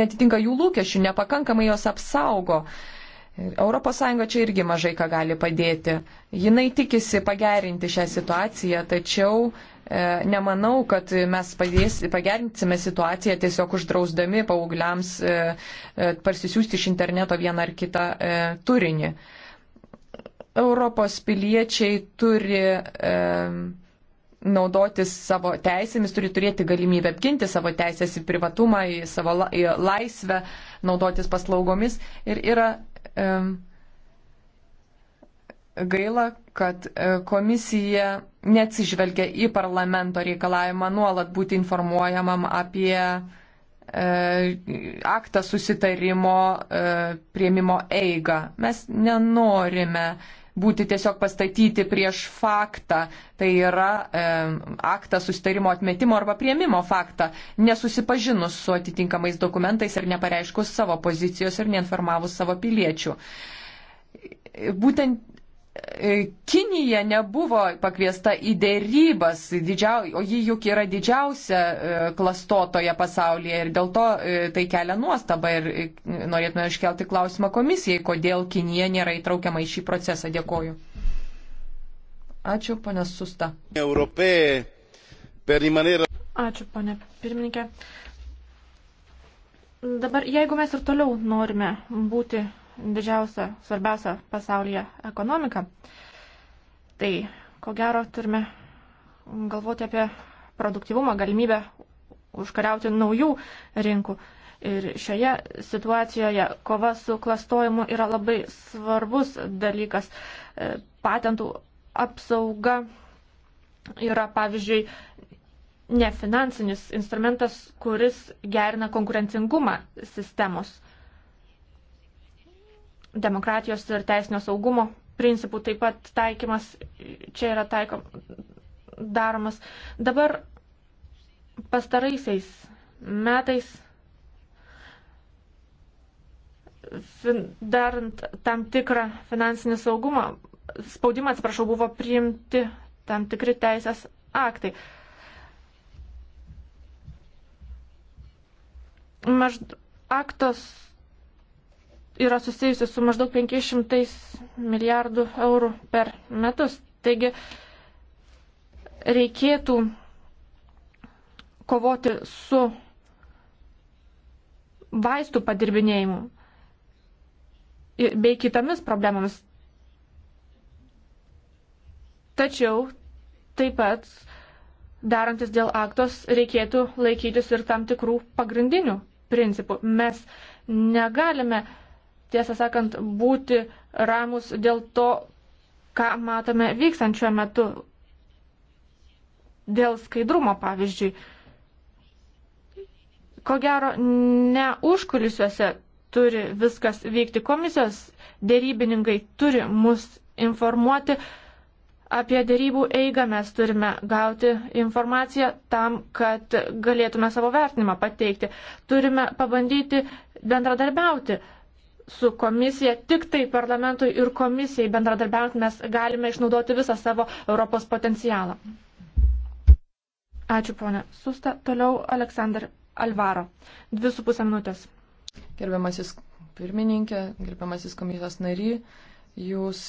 netitinka jų lūkesčių, nepakankamai jos apsaugo. E, ES čia irgi mažai ką gali padėti. Jinai tikisi pagerinti šią situaciją, tačiau e, nemanau, kad mes padės, pagerinsime situaciją tiesiog uždrausdami paaugliams e, e, parsisiųsti iš interneto vieną ar kitą e, turinį. Europos piliečiai turi e, naudotis savo teisėmis, turi turėti galimybę apginti savo teisės į privatumą, į savo la, į laisvę, naudotis paslaugomis. Ir yra gaila, kad e, komisija neatsižvelgia į parlamento reikalavimą nuolat būti informuojamam apie e, aktą susitarimo e, prieimimo eigą. Mes nenorime būti tiesiog pastatyti prieš faktą, tai yra e, aktą susitarimo atmetimo arba prieimimo faktą, nesusipažinus su atitinkamais dokumentais ir nepareiškus savo pozicijos ir neinformavus savo piliečių. Būtent E, Kinija nebuvo pakviesta į dėrybas, didžiau, o ji juk yra didžiausia e, klastotoje pasaulyje ir dėl to e, tai kelia nuostabą ir norėtume iškelti klausimą komisijai, kodėl Kinija nėra įtraukiama į šį procesą. Dėkoju. Ačiū, ponė Susta. Ačiū, ponė pirmininkė. Dabar, jeigu mes ir toliau norime būti didžiausia, svarbiausia pasaulyje ekonomika, tai ko gero turime galvoti apie produktivumą, galimybę užkariauti naujų rinkų. Ir šioje situacijoje kova su klastojimu yra labai svarbus dalykas. E, patentų apsauga yra, pavyzdžiui, nefinansinis instrumentas, kuris gerina konkurencingumą sistemos demokratijos ir teisinio saugumo principų taip pat taikymas čia yra taikom, daromas. Dabar pastaraisiais metais fin, darant tam tikrą finansinį saugumą, spaudimą, atsiprašau, buvo priimti tam tikri teisės aktai. Maždaug aktos yra susijusi su maždaug 500 milijardų eurų per metus. Taigi reikėtų kovoti su vaistų padirbinėjimu bei kitomis problemomis. Tačiau taip pat darantis dėl aktos reikėtų laikytis ir tam tikrų pagrindinių principų. Mes negalime uh, tiesą sakant, būti ramus dėl to, ką matome vykstant šiuo metu. Dėl skaidrumo, pavyzdžiui. Ko gero, ne užkulisiuose turi viskas vykti. Komisijos dėrybininkai turi mus informuoti apie dėrybų eigą. Mes turime gauti informaciją tam, kad galėtume savo vertinimą pateikti. Turime pabandyti bendradarbiauti su komisija, tik tai parlamentui ir komisijai bendradarbiaujant mes galime išnaudoti visą savo Europos potencialą. Ačiū, ponė. Susta, toliau Aleksandr Alvaro. Dvi su pusę minutės. Gerbiamasis pirmininkė, gerbiamasis komisijos nary, jūs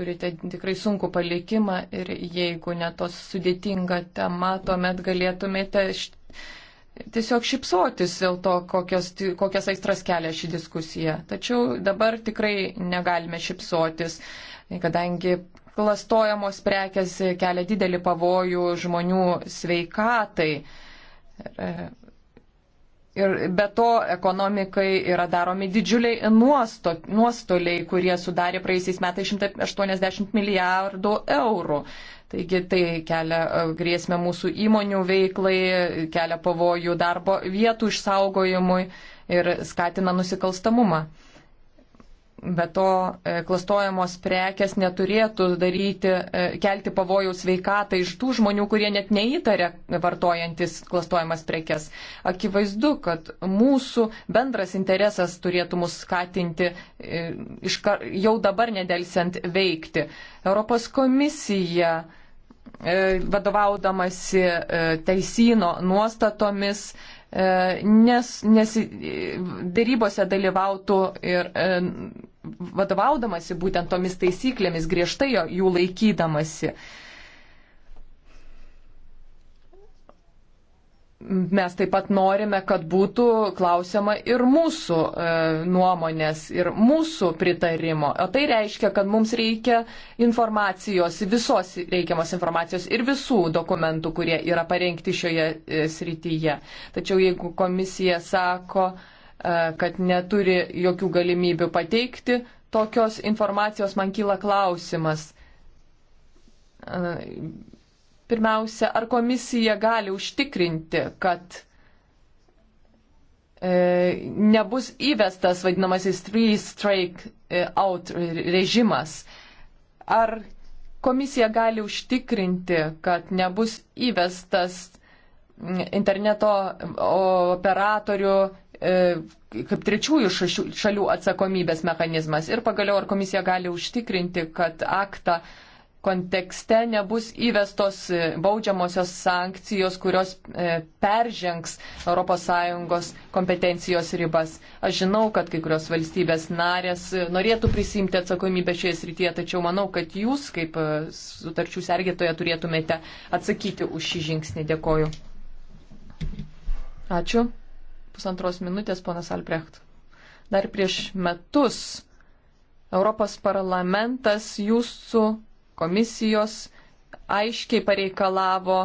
turite tikrai sunku palikimą ir jeigu netos sudėtingą temą, tuomet galėtumėte. Št tiesiog šipsotis dėl to, kokias, kokias aistras kelia ši diskusija. Tačiau dabar tikrai negalime šipsotis, kadangi klastojamos prekes kelia didelį pavojų žmonių sveikatai. Ir, ir be to ekonomikai yra daromi didžiuliai nuosto, nuostoliai, kurie sudarė praeisiais metais 180 milijardų eurų. Taigi tai kelia e, grėsmę mūsų įmonių veiklai, kelia pavojų darbo vietų išsaugojimui ir skatina nusikalstamumą. Be to, e, klastojamos prekes neturėtų daryti, e, kelti pavojaus veikatą iš tų žmonių, kurie net neįtarė vartojantis klastojamas prekes. Akivaizdu, kad mūsų bendras interesas turėtų mus skatinti e, jau dabar nedelsiant veikti. Europos komisija vadovaudamasi teisino nuostatomis E, nes, nes darybose dalyvautų ir e, vadovaudamasi būtent tomis taisyklėmis, griežtai jų laikydamasi. Uh, mes taip pat norime, kad būtų klausima ir mūsų e, nuomonės, ir mūsų pritarimo. O tai reiškia, kad mums reikia informacijos, visos reikiamos informacijos ir visų dokumentų, kurie yra parengti šioje e, srityje. Tačiau jeigu komisija sako, e, kad neturi jokių galimybių pateikti tokios informacijos, man kyla klausimas. E, Pirmiausia, ar komisija gali užtikrinti, kad e, nebus įvestas vadinamasis three strike e, out režimas? Ar komisija gali užtikrinti, kad nebus įvestas interneto operatorių e, kaip trečiųjų šalių atsakomybės mechanizmas. Ir pagaliau, ar komisija gali užtikrinti, kad aktą uh, kontekste nebus įvestos e, baudžiamosios sankcijos, kurios e, peržengs ES kompetencijos ribas. Aš žinau, kad kai kurios valstybės narės e, norėtų prisimti atsakomybę šioje srityje, tačiau manau, kad jūs, kaip sutarčių sergėtoje, turėtumėte atsakyti už šį žingsnį. Dėkoju. Ačiū. Pusantros minutės, ponas Alprecht. Dar prieš metus Europos parlamentas jūsų komisijos aiškiai pareikalavo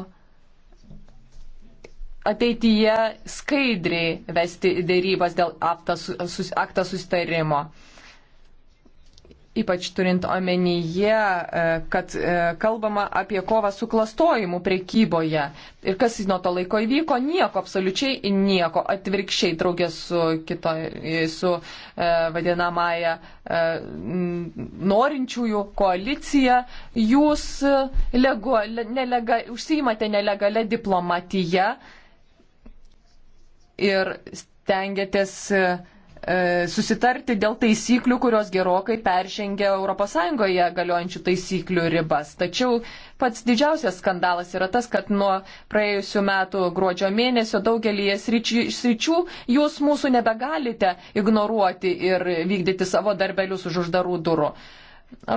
ateityje skaidriai vesti dėrybas dėl aktą susitarimo. Su, Ypač turint omenyje, e, kad e, kalbama apie kovą su klastojimu prekyboje. Ir kas nuo to laiko įvyko, nieko, absoliučiai nieko, atvirkščiai draugė su, kito, su e, vadinamąją norinčiųjų koalicija, jūs lego, nelega, užsiimate nelegalią diplomatiją ir stengiatės uh, E, susitarti dėl taisyklių, kurios gerokai peržengia ES galiojančių taisyklių ribas. Tačiau pats didžiausias skandalas yra tas, kad nuo praėjusių metų gruodžio mėnesio daugelį sričių jūs mūsų nebegalite ignoruoti ir vykdyti savo darbelius už uždarų durų.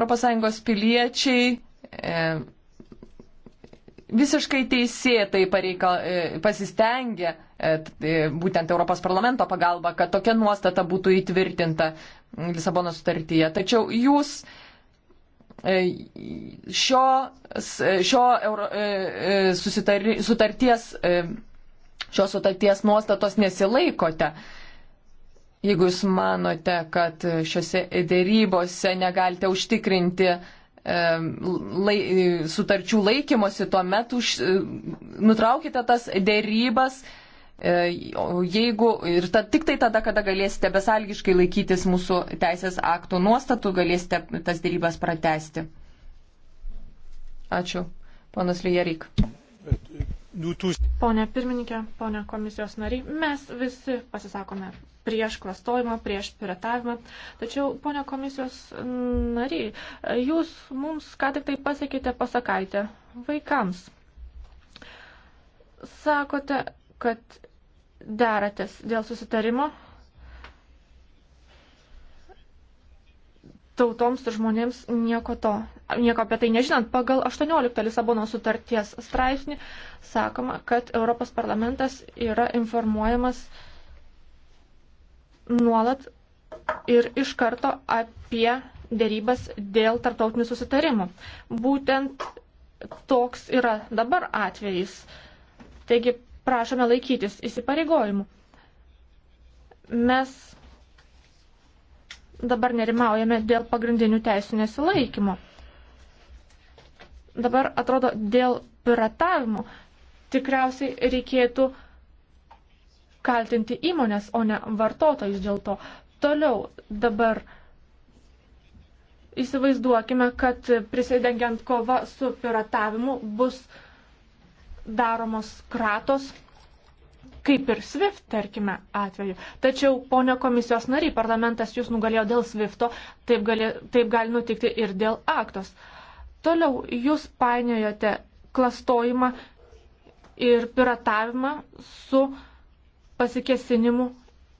ES piliečiai. E, visiškai teisėtai pareika, e, pasistengė e, e, būtent Europos parlamento pagalba, kad tokia nuostata būtų įtvirtinta Lisabono sutartyje. Tačiau jūs šio, šio Euro, susitari, sutarties, šios sutarties nuostatos nesilaikote. Jeigu jūs manote, kad šiuose dėrybose negalite užtikrinti uh, lai, sutarčių laikymosi, tuomet už, e, nutraukite tas dėrybas, e, jeigu ir ta, tik tai tada, kada galėsite besalgiškai laikytis mūsų teisės aktų nuostatų, galėsite tas dėrybas pratesti. Ačiū. Ponas Lijarik. Pone pirmininkė, pone komisijos nariai, mes visi pasisakome prieš klastojimą, prieš piratavimą. Tačiau, ponia komisijos nariai, jūs mums ką tik tai pasakėte, pasakaitę vaikams. Sakote, kad deratės dėl susitarimo tautoms ir žmonėms nieko, to, nieko apie tai nežinant. Pagal 18 Lisabono sutarties straipsnį sakoma, kad Europos parlamentas yra informuojamas uh, nuolat ir iš karto apie dėrybas dėl tartautinių susitarimų. Būtent toks yra dabar atvejis. Taigi prašome laikytis įsipareigojimų. Mes dabar nerimaujame dėl pagrindinių teisų nesilaikymo. Dabar atrodo dėl piratavimo tikriausiai reikėtų uh, kaltinti įmonės, o ne vartotojus dėl to. Toliau dabar įsivaizduokime, kad prisidengiant kova su piratavimu bus daromos kratos, kaip ir SWIFT, tarkime, atveju. Tačiau, ponio komisijos nariai, parlamentas jūs nugalėjo dėl SWIFT'o, taip, gali, taip gali nutikti ir dėl aktos. Toliau jūs painiojote klastojimą ir piratavimą su uh, pasikesinimų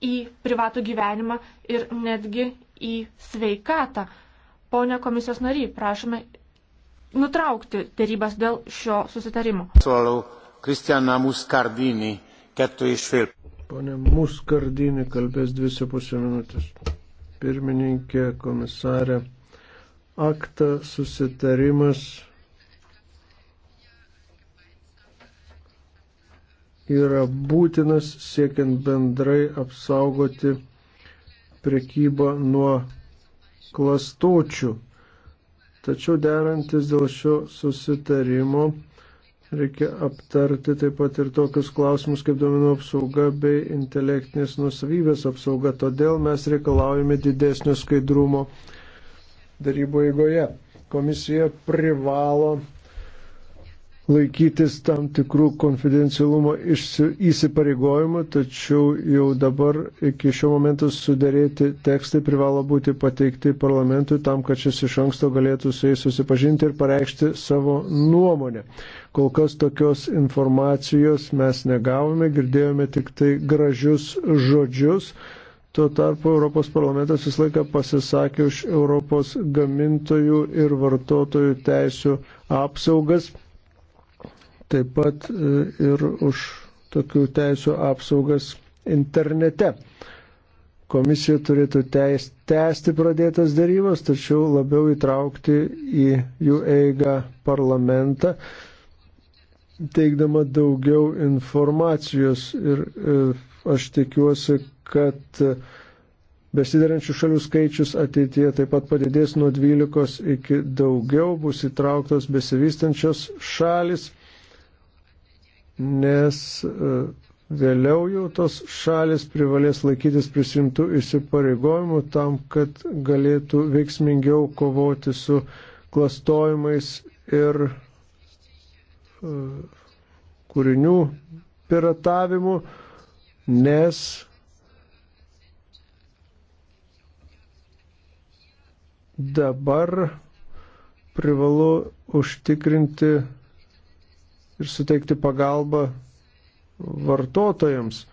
į privatų gyvenimą ir netgi į sveikatą. Pone komisijos nariai, prašome nutraukti dėrybas dėl šio susitarimo. Pone Muskardinį kalbės 2,5 minutės. Pirmininkė, komisarė, aktą susitarimas yra būtinas siekiant bendrai apsaugoti prekybą nuo klastočių. Tačiau derantis dėl šio susitarimo reikia aptarti taip pat ir tokius klausimus kaip duomenų apsauga bei intelektinės nusavybės apsauga. Todėl mes reikalaujame didesnio skaidrumo darybo eigoje. Komisija privalo laikytis tam tikrų konfidencialumo įsipareigojimų, tačiau jau dabar iki šio momento sudėrėti tekstai privalo būti pateikti parlamentui tam, kad šis iš anksto galėtų su jais susipažinti ir pareikšti savo nuomonę. Kol kas tokios informacijos mes negavome, girdėjome tik tai gražius žodžius. Tuo tarpu Europos parlamentas visą laiką pasisakė už Europos gamintojų ir vartotojų teisų apsaugas taip pat e, ir už tokių teisų apsaugas internete. Komisija turėtų teis, tęsti pradėtas darybas, tačiau labiau įtraukti į jų eigą parlamentą, teikdama daugiau informacijos ir, ir e, aš tikiuosi, kad e, Besidarančių šalių skaičius ateityje taip pat padidės nuo 12 iki daugiau, bus įtrauktos besivystančios šalis nes e, vėliau jau tos šalis privalės laikytis prisimtų įsipareigojimų tam, kad galėtų veiksmingiau kovoti su klastojimais ir e, kūrinių piratavimu, nes dabar privalu užtikrinti ir suteikti pagalbą vartotojams.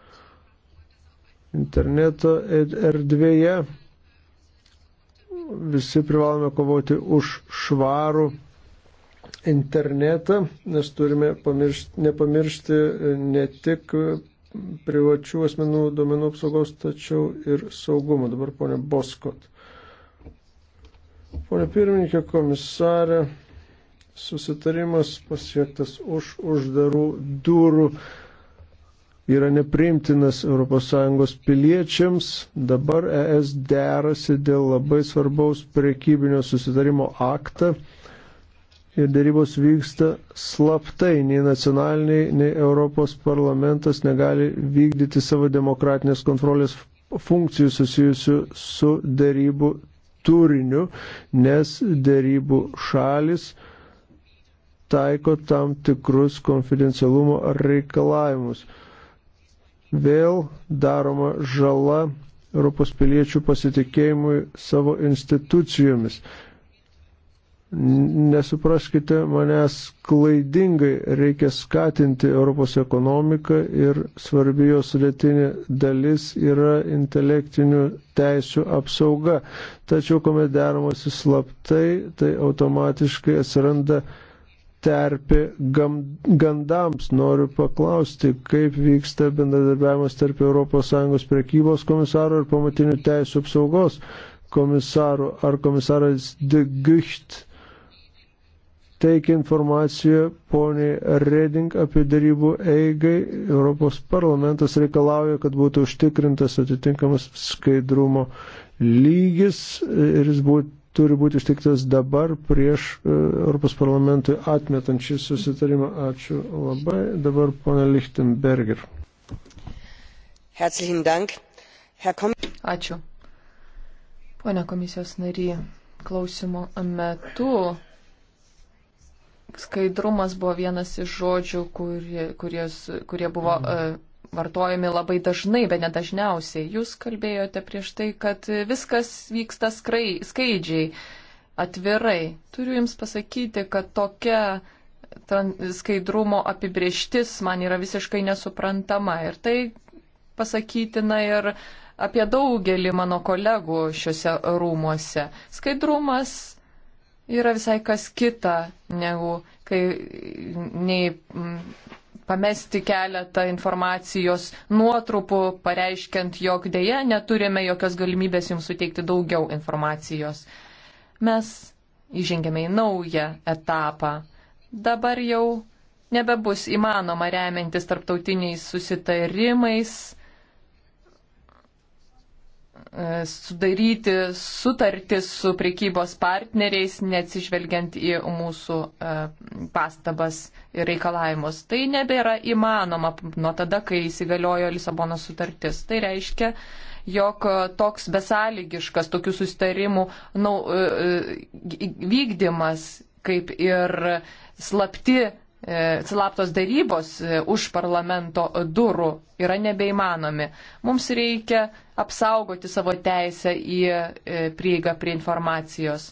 Interneto erdvėje visi privalome kovoti už švarų internetą, nes turime pamiršti, nepamiršti e, ne tik e, privačių asmenų duomenų apsaugos, tačiau ir saugumo. Dabar ponė Boskot. Pone pirmininkė, komisarė, susitarimas pasiektas už uždarų durų yra nepriimtinas ES piliečiams. Dabar ES derasi dėl labai svarbaus priekybinio susitarimo aktą ir dėrybos vyksta slaptai. Nei nacionaliniai, nei Europos parlamentas negali vykdyti savo demokratinės kontrolės funkcijų susijusių su dėrybų turiniu, nes dėrybų šalis taiko tam tikrus konfidencialumo reikalavimus. Vėl daroma žala Europos piliečių pasitikėjimui savo institucijomis. Nesupraskite manęs klaidingai, reikia skatinti Europos ekonomiką ir svarbi jos sudėtinė dalis yra intelektinių teisių apsauga. Tačiau, kuomet deramasi slaptai, tai automatiškai atsiranda uh, terpė gandams. Noriu paklausti, kaip vyksta bendradarbiavimas tarp ES prekybos komisaro ir pamatinių teisų apsaugos komisarų. Ar komisaras de Gucht teikia informaciją poniai Reding apie darybų eigai. Europos parlamentas reikalauja, kad būtų užtikrintas atitinkamas skaidrumo lygis ir jis būtų turi būti ištiktas dabar prieš e, Europos parlamentui atmetant šį susitarimą. Ačiū labai. Dabar pana Lichtenberger. Ačiū. Pone komisijos nary, klausimo metu skaidrumas buvo vienas iš žodžių, kurie, kuries, kurie buvo. Mm -hmm. uh, vartojami labai dažnai, bet ne dažniausiai. Jūs kalbėjote prieš tai, kad viskas vyksta skrai, skaidžiai, atvirai. Turiu Jums pasakyti, kad tokia skaidrumo apibrieštis man yra visiškai nesuprantama. Ir tai pasakytina ir apie daugelį mano kolegų šiuose rūmuose. Skaidrumas yra visai kas kita, negu kai nei. Mm, pamesti keletą informacijos nuotrupų, pareiškiant, jog dėja neturime jokios galimybės jums suteikti daugiau informacijos. Mes įžengėme į naują etapą. Dabar jau nebebus įmanoma remiantis tarptautiniais susitarimais E, sudaryti sutartį su prekybos partneriais, neatsižvelgiant į mūsų e, pastabas ir reikalavimus. Tai nebėra įmanoma nuo tada, kai įsigaliojo Lisabono sutartis. Tai reiškia, jog e, toks besąlygiškas tokių sustarimų nau, vykdymas, kaip ir slapti E, slaptos darybos e, už parlamento durų yra nebeįmanomi. Mums reikia apsaugoti savo teisę į e, prieigą prie informacijos.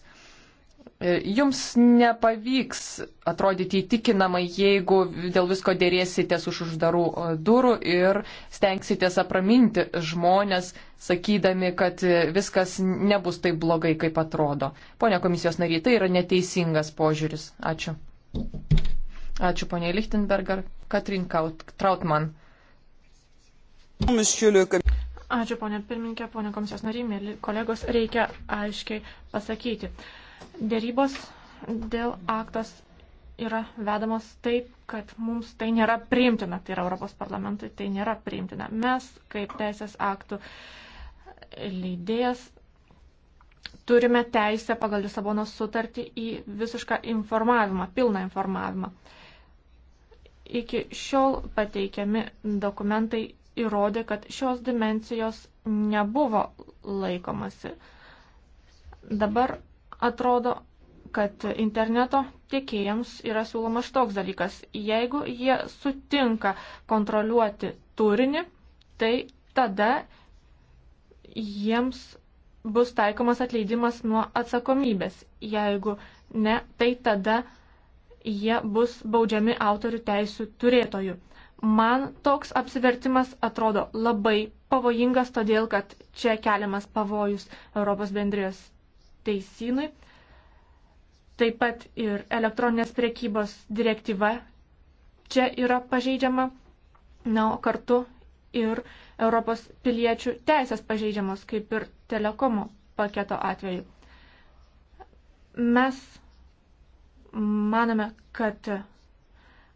Jums nepavyks atrodyti įtikinamai, jeigu dėl visko dėrėsitės už uždarų durų ir stengsitės apraminti žmonės, sakydami, kad viskas nebus taip blogai, kaip atrodo. Pone komisijos nariai, tai yra neteisingas požiūris. Ačiū. Ačiū ponė Lichtenberger. Katrin Trautman. Ačiū ponė pirmininkė, ponė komisijos nariai, mėly kolegos, reikia aiškiai pasakyti. Dėrybos dėl aktas yra vedamos taip, kad mums tai nėra priimtina, tai yra Europos parlamentui tai nėra priimtina. Mes, kaip teisės aktų leidėjas, turime teisę pagal Lisabono sutartį į visišką informavimą, pilną informavimą. Uh, Iki šiol pateikiami dokumentai įrodė, kad šios dimensijos nebuvo laikomasi. Dabar atrodo, kad interneto tiekėjams yra siūlomas toks dalykas. Jeigu jie sutinka kontroliuoti turinį, tai tada jiems bus taikomas atleidimas nuo atsakomybės. Jeigu ne, tai tada jie bus baudžiami autorių teisų turėtojų. Man toks apsivertimas atrodo labai pavojingas, todėl kad čia keliamas pavojus Europos bendrijos teisynui. Taip pat ir elektroninės priekybos direktyva čia yra pažeidžiama, na, o kartu ir Europos piliečių teisės pažeidžiamos, kaip ir telekomo paketo atveju. Mes manome, kad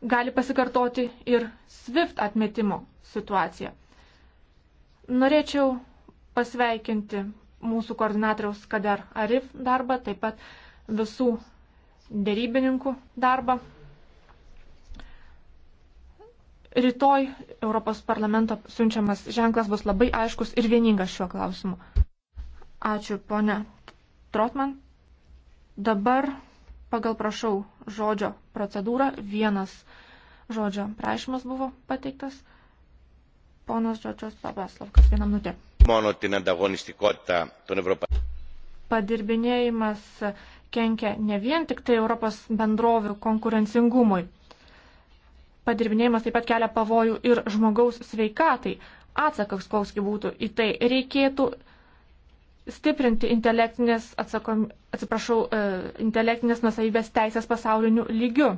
gali pasikartoti ir SWIFT atmetimo situacija. Norėčiau pasveikinti mūsų koordinatoriaus Kader Arif darbą, taip pat visų dėrybininkų darbą. Rytoj Europos parlamento siunčiamas ženklas bus labai aiškus ir vieningas šiuo klausimu. Ačiū, ponė Trotman. Dabar pagal prašau žodžio procedūrą vienas žodžio prašymas buvo pateiktas. Ponas Džodžios Papaslavkas, vieną minutę. Padirbinėjimas kenkia ne vien tik tai Europos bendrovių konkurencingumui. Padirbinėjimas taip pat kelia pavojų ir žmogaus sveikatai. Atsakas, koks būtų į tai, reikėtų stiprinti intelektinės, atsakom, atsiprašau, e, intelektinės nusavybės teisės pasauliniu lygiu.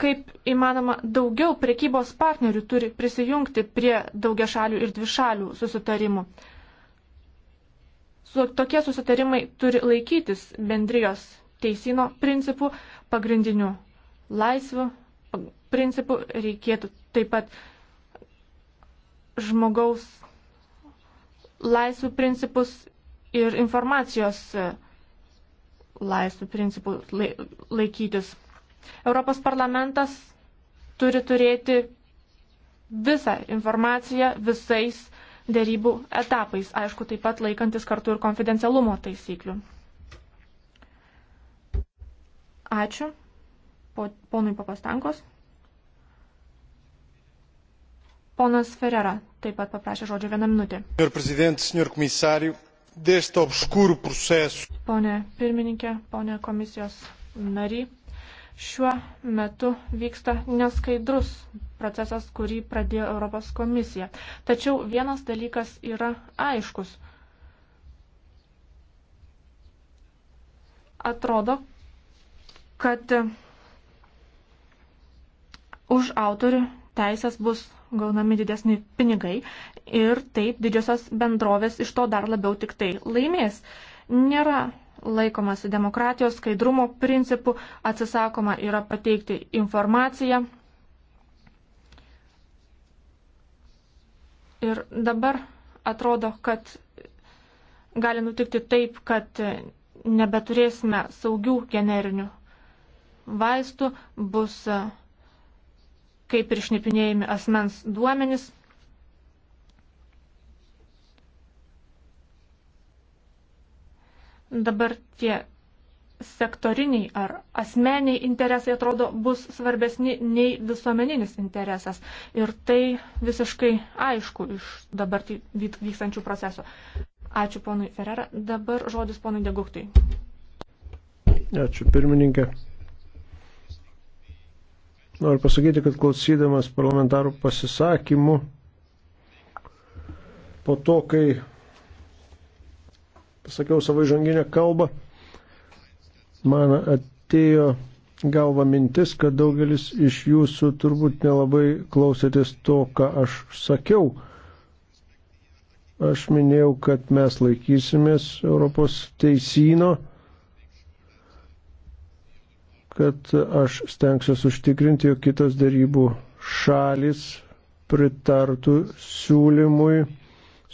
Kaip įmanoma, daugiau prekybos partnerių turi prisijungti prie daugiašalių ir dvišalių susitarimų. Su, tokie susitarimai turi laikytis bendrijos teisino principų, pagrindinių laisvių principų, reikėtų taip pat žmogaus laisvių principus ir informacijos e, laisvių principų laikytis. Europos parlamentas turi turėti visą informaciją visais dėrybų etapais, aišku, taip pat laikantis kartu ir konfidencialumo taisyklių. Ačiū ponui Papastankos. Ponas Ferrera taip pat paprašė žodžio vieną minutę. Pone pirmininkė, pone komisijos nary, šiuo metu vyksta neskaidrus procesas, kurį pradėjo Europos komisija. Tačiau vienas dalykas yra aiškus. Atrodo, kad už autorių teisės bus gaunami didesni pinigai ir taip didžiosios bendrovės iš to dar labiau tik tai laimės. Nėra laikomasi demokratijos, skaidrumo principų, atsisakoma yra pateikti informaciją. Ir dabar atrodo, kad gali nutikti taip, kad nebeturėsime saugių generinių vaistų, bus kaip ir šnipinėjami asmens duomenys. Dabar tie sektoriniai ar asmeniai interesai atrodo bus svarbesni nei visuomeninis interesas. Ir tai visiškai aišku iš dabar vykstančių procesų. Ačiū ponui Ferrera. Dabar žodis ponui Deguktui. Ačiū pirmininkė. Noriu pasakyti, kad klausydamas parlamentarų pasisakymų, po to, kai pasakiau savo žanginę kalbą, man atėjo galva mintis, kad daugelis iš jūsų turbūt nelabai klausėtės to, ką aš sakiau. Aš minėjau, kad mes laikysimės Europos teisino kad aš stengsiuosi užtikrinti, jog kitos darybų šalis pritartų siūlymui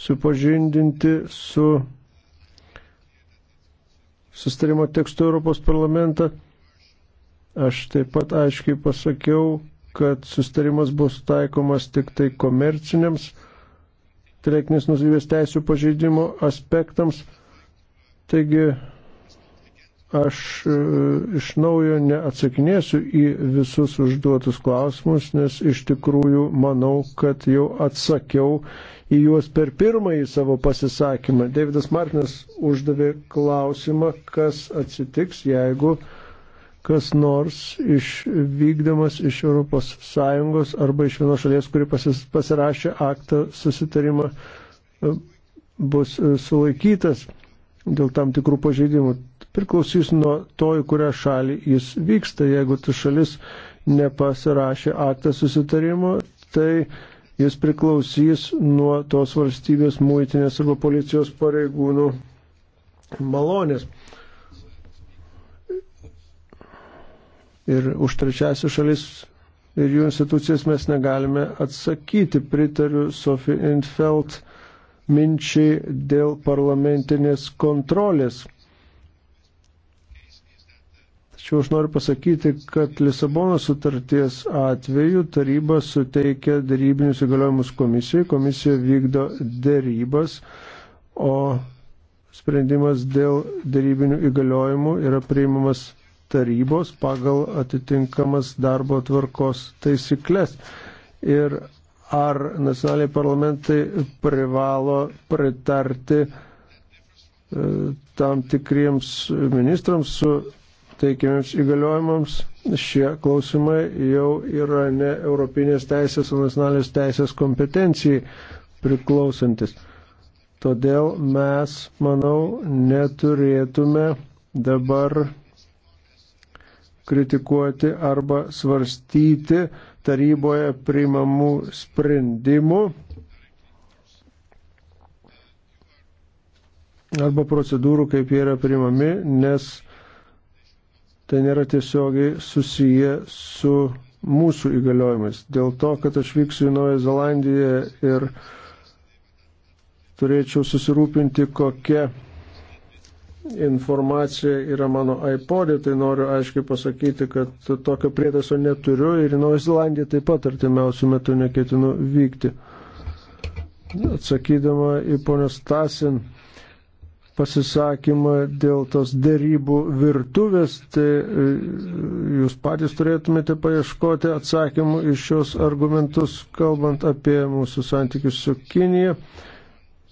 supažindinti su sustarimo tekstu Europos parlamentą. Aš taip pat aiškiai pasakiau, kad sustarimas bus taikomas tik tai komerciniams intelektinės nusivės teisų pažeidimo aspektams. Taigi Aš e, iš naujo neatsakinėsiu į visus užduotus klausimus, nes iš tikrųjų manau, kad jau atsakiau į juos per pirmąjį savo pasisakymą. Davidas Martinas uždavė klausimą, kas atsitiks, jeigu kas nors išvykdamas iš ES arba iš vienos šalies, kuri pasirašė aktą susitarimą, e, bus e, sulaikytas dėl tam tikrų pažeidimų priklausys nuo to, į kurią šalį jis vyksta. Jeigu ta šalis nepasirašė aktą susitarimo, tai jis priklausys nuo tos valstybės muitinės arba policijos pareigūnų malonės. Ir už trečiasią šalis ir jų institucijas mes negalime atsakyti. Pritariu Sophie Infeld minčiai dėl parlamentinės kontrolės. Tačiau aš noriu pasakyti, kad Lisabono sutarties atveju taryba suteikia darybinius įgaliojimus komisijai, komisija vykdo darybas, o sprendimas dėl darybinių įgaliojimų yra priimamas tarybos pagal atitinkamas darbo tvarkos taisyklės. Ir ar nacionaliai parlamentai privalo pritarti e, tam tikriems ministrams su teikiamiems įgaliojimams. Šie klausimai jau yra ne Europinės teisės, o nacionalinės teisės kompetencijai priklausantis. Todėl mes, manau, neturėtume dabar kritikuoti arba svarstyti taryboje priimamų sprendimų arba procedūrų, kaip jie yra priimami, nes tai nėra tiesiogiai susiję su mūsų įgaliojimais. Dėl to, kad aš vyksiu į Naują Zelandiją ir turėčiau susirūpinti, kokia informacija yra mano iPodė, tai noriu aiškiai pasakyti, kad tokio prietaiso neturiu ir į Naują Zelandiją taip pat artimiausių metų neketinu vykti. Atsakydama į ponios Tasin pasisakymą dėl tos dėrybų virtuvės, tai e, jūs patys turėtumėte paieškoti atsakymų iš šios argumentus, kalbant apie mūsų santykius su Kinija.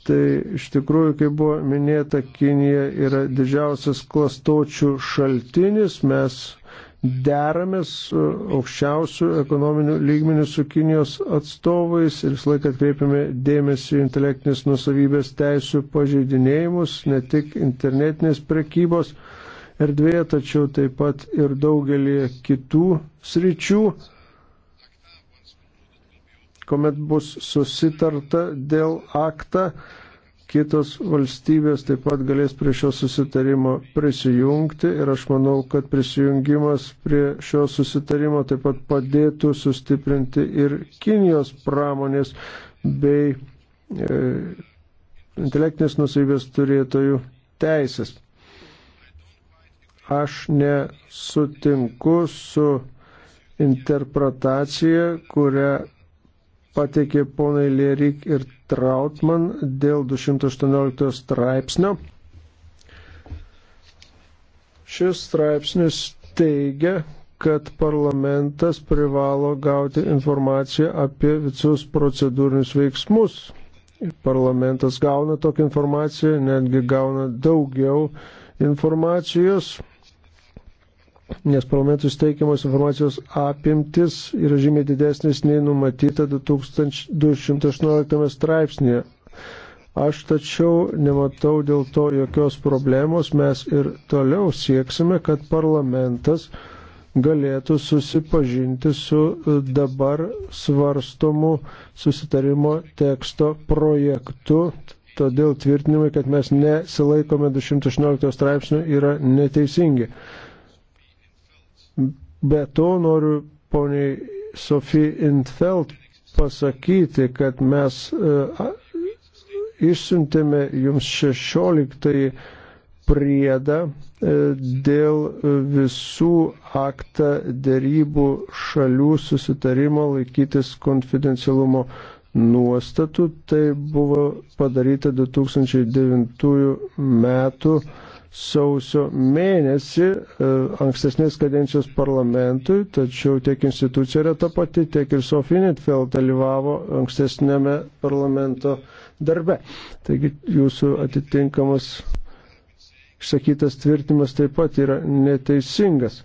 Tai iš tikrųjų, kaip buvo minėta, Kinija yra didžiausias klastočių šaltinis. Mes deramės aukščiausių ekonominių lygmenių su Kinijos atstovais ir visą laiką atkreipiame dėmesį intelektinės nusavybės teisų pažeidinėjimus, ne tik internetinės prekybos erdvėje, tačiau taip pat ir daugelį kitų sričių kuomet bus susitarta dėl aktą, kitos valstybės taip pat galės prie šio susitarimo prisijungti ir aš manau, kad prisijungimas prie šio susitarimo taip pat padėtų sustiprinti ir Kinijos pramonės bei e, intelektinės nusavybės turėtojų teisės. Aš nesutinku su interpretacija, kurią pateikė ponai Lerik ir Trautman dėl 218 straipsnio. Šis straipsnis teigia, kad parlamentas privalo gauti informaciją apie visus procedūrinius veiksmus. Parlamentas gauna tokią informaciją, netgi gauna daugiau informacijos nes parlamentui steikiamos informacijos apimtis yra žymiai didesnis nei numatyta 2218 straipsnėje. Aš tačiau nematau dėl to jokios problemos, mes ir toliau sieksime, kad parlamentas galėtų susipažinti su dabar svarstomu susitarimo teksto projektu. Todėl tvirtinimai, kad mes nesilaikome 218 straipsnių, yra neteisingi. Be to noriu poniai Sofie Intfeld pasakyti, kad mes e, išsiuntėme jums 16 priedą e, dėl e, visų aktą dėrybų šalių susitarimo laikytis konfidencialumo nuostatų. Tai buvo padaryta 2009 metų sausio mėnesį e, ankstesnės kadencijos parlamentui, tačiau tiek institucija yra ta pati, tiek ir Sofinitfeld dalyvavo ankstesnėme parlamento darbe. Taigi jūsų atitinkamas išsakytas tvirtimas taip pat yra neteisingas.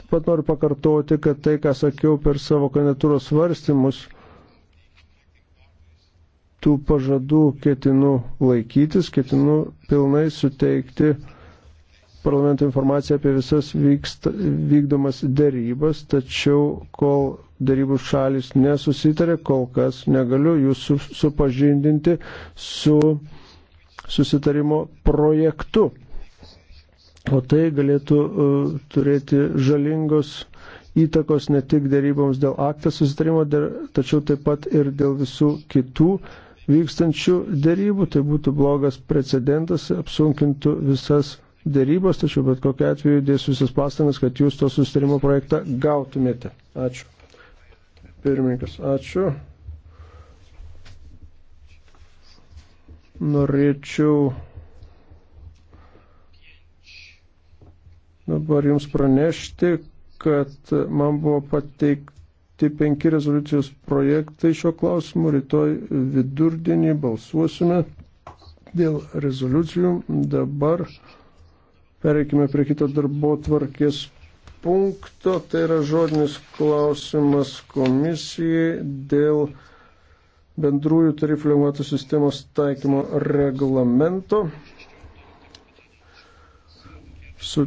Taip pat noriu pakartoti, kad tai, ką sakiau per savo kandidatūros svarstymus, tų pažadų ketinu laikytis, ketinu pilnai suteikti parlamento informaciją apie visas vyksta, vykdomas darybas, tačiau kol darybų šalis nesusitarė, kol kas negaliu jūs su, supažindinti su susitarimo projektu. O tai galėtų uh, turėti žalingos įtakos ne tik daryboms dėl aktą susitarimo, dėl, tačiau taip pat ir dėl visų kitų uh, vykstančių dėrybų, tai būtų blogas precedentas, apsunkintų visas dėrybos, tačiau bet kokia atveju dės visas pastangas, kad jūs to sustarimo projektą gautumėte. Ačiū. Pirmininkas, ačiū. Norėčiau dabar jums pranešti, kad man buvo pateikta pateikti penki rezoliucijos projektai šio klausimu. Rytoj vidurdienį balsuosime dėl rezoliucijų. Dabar pereikime prie kito darbo tvarkės punkto. Tai yra žodinis klausimas komisijai dėl bendrųjų tarifų lengvatų sistemos taikymo reglamento. Su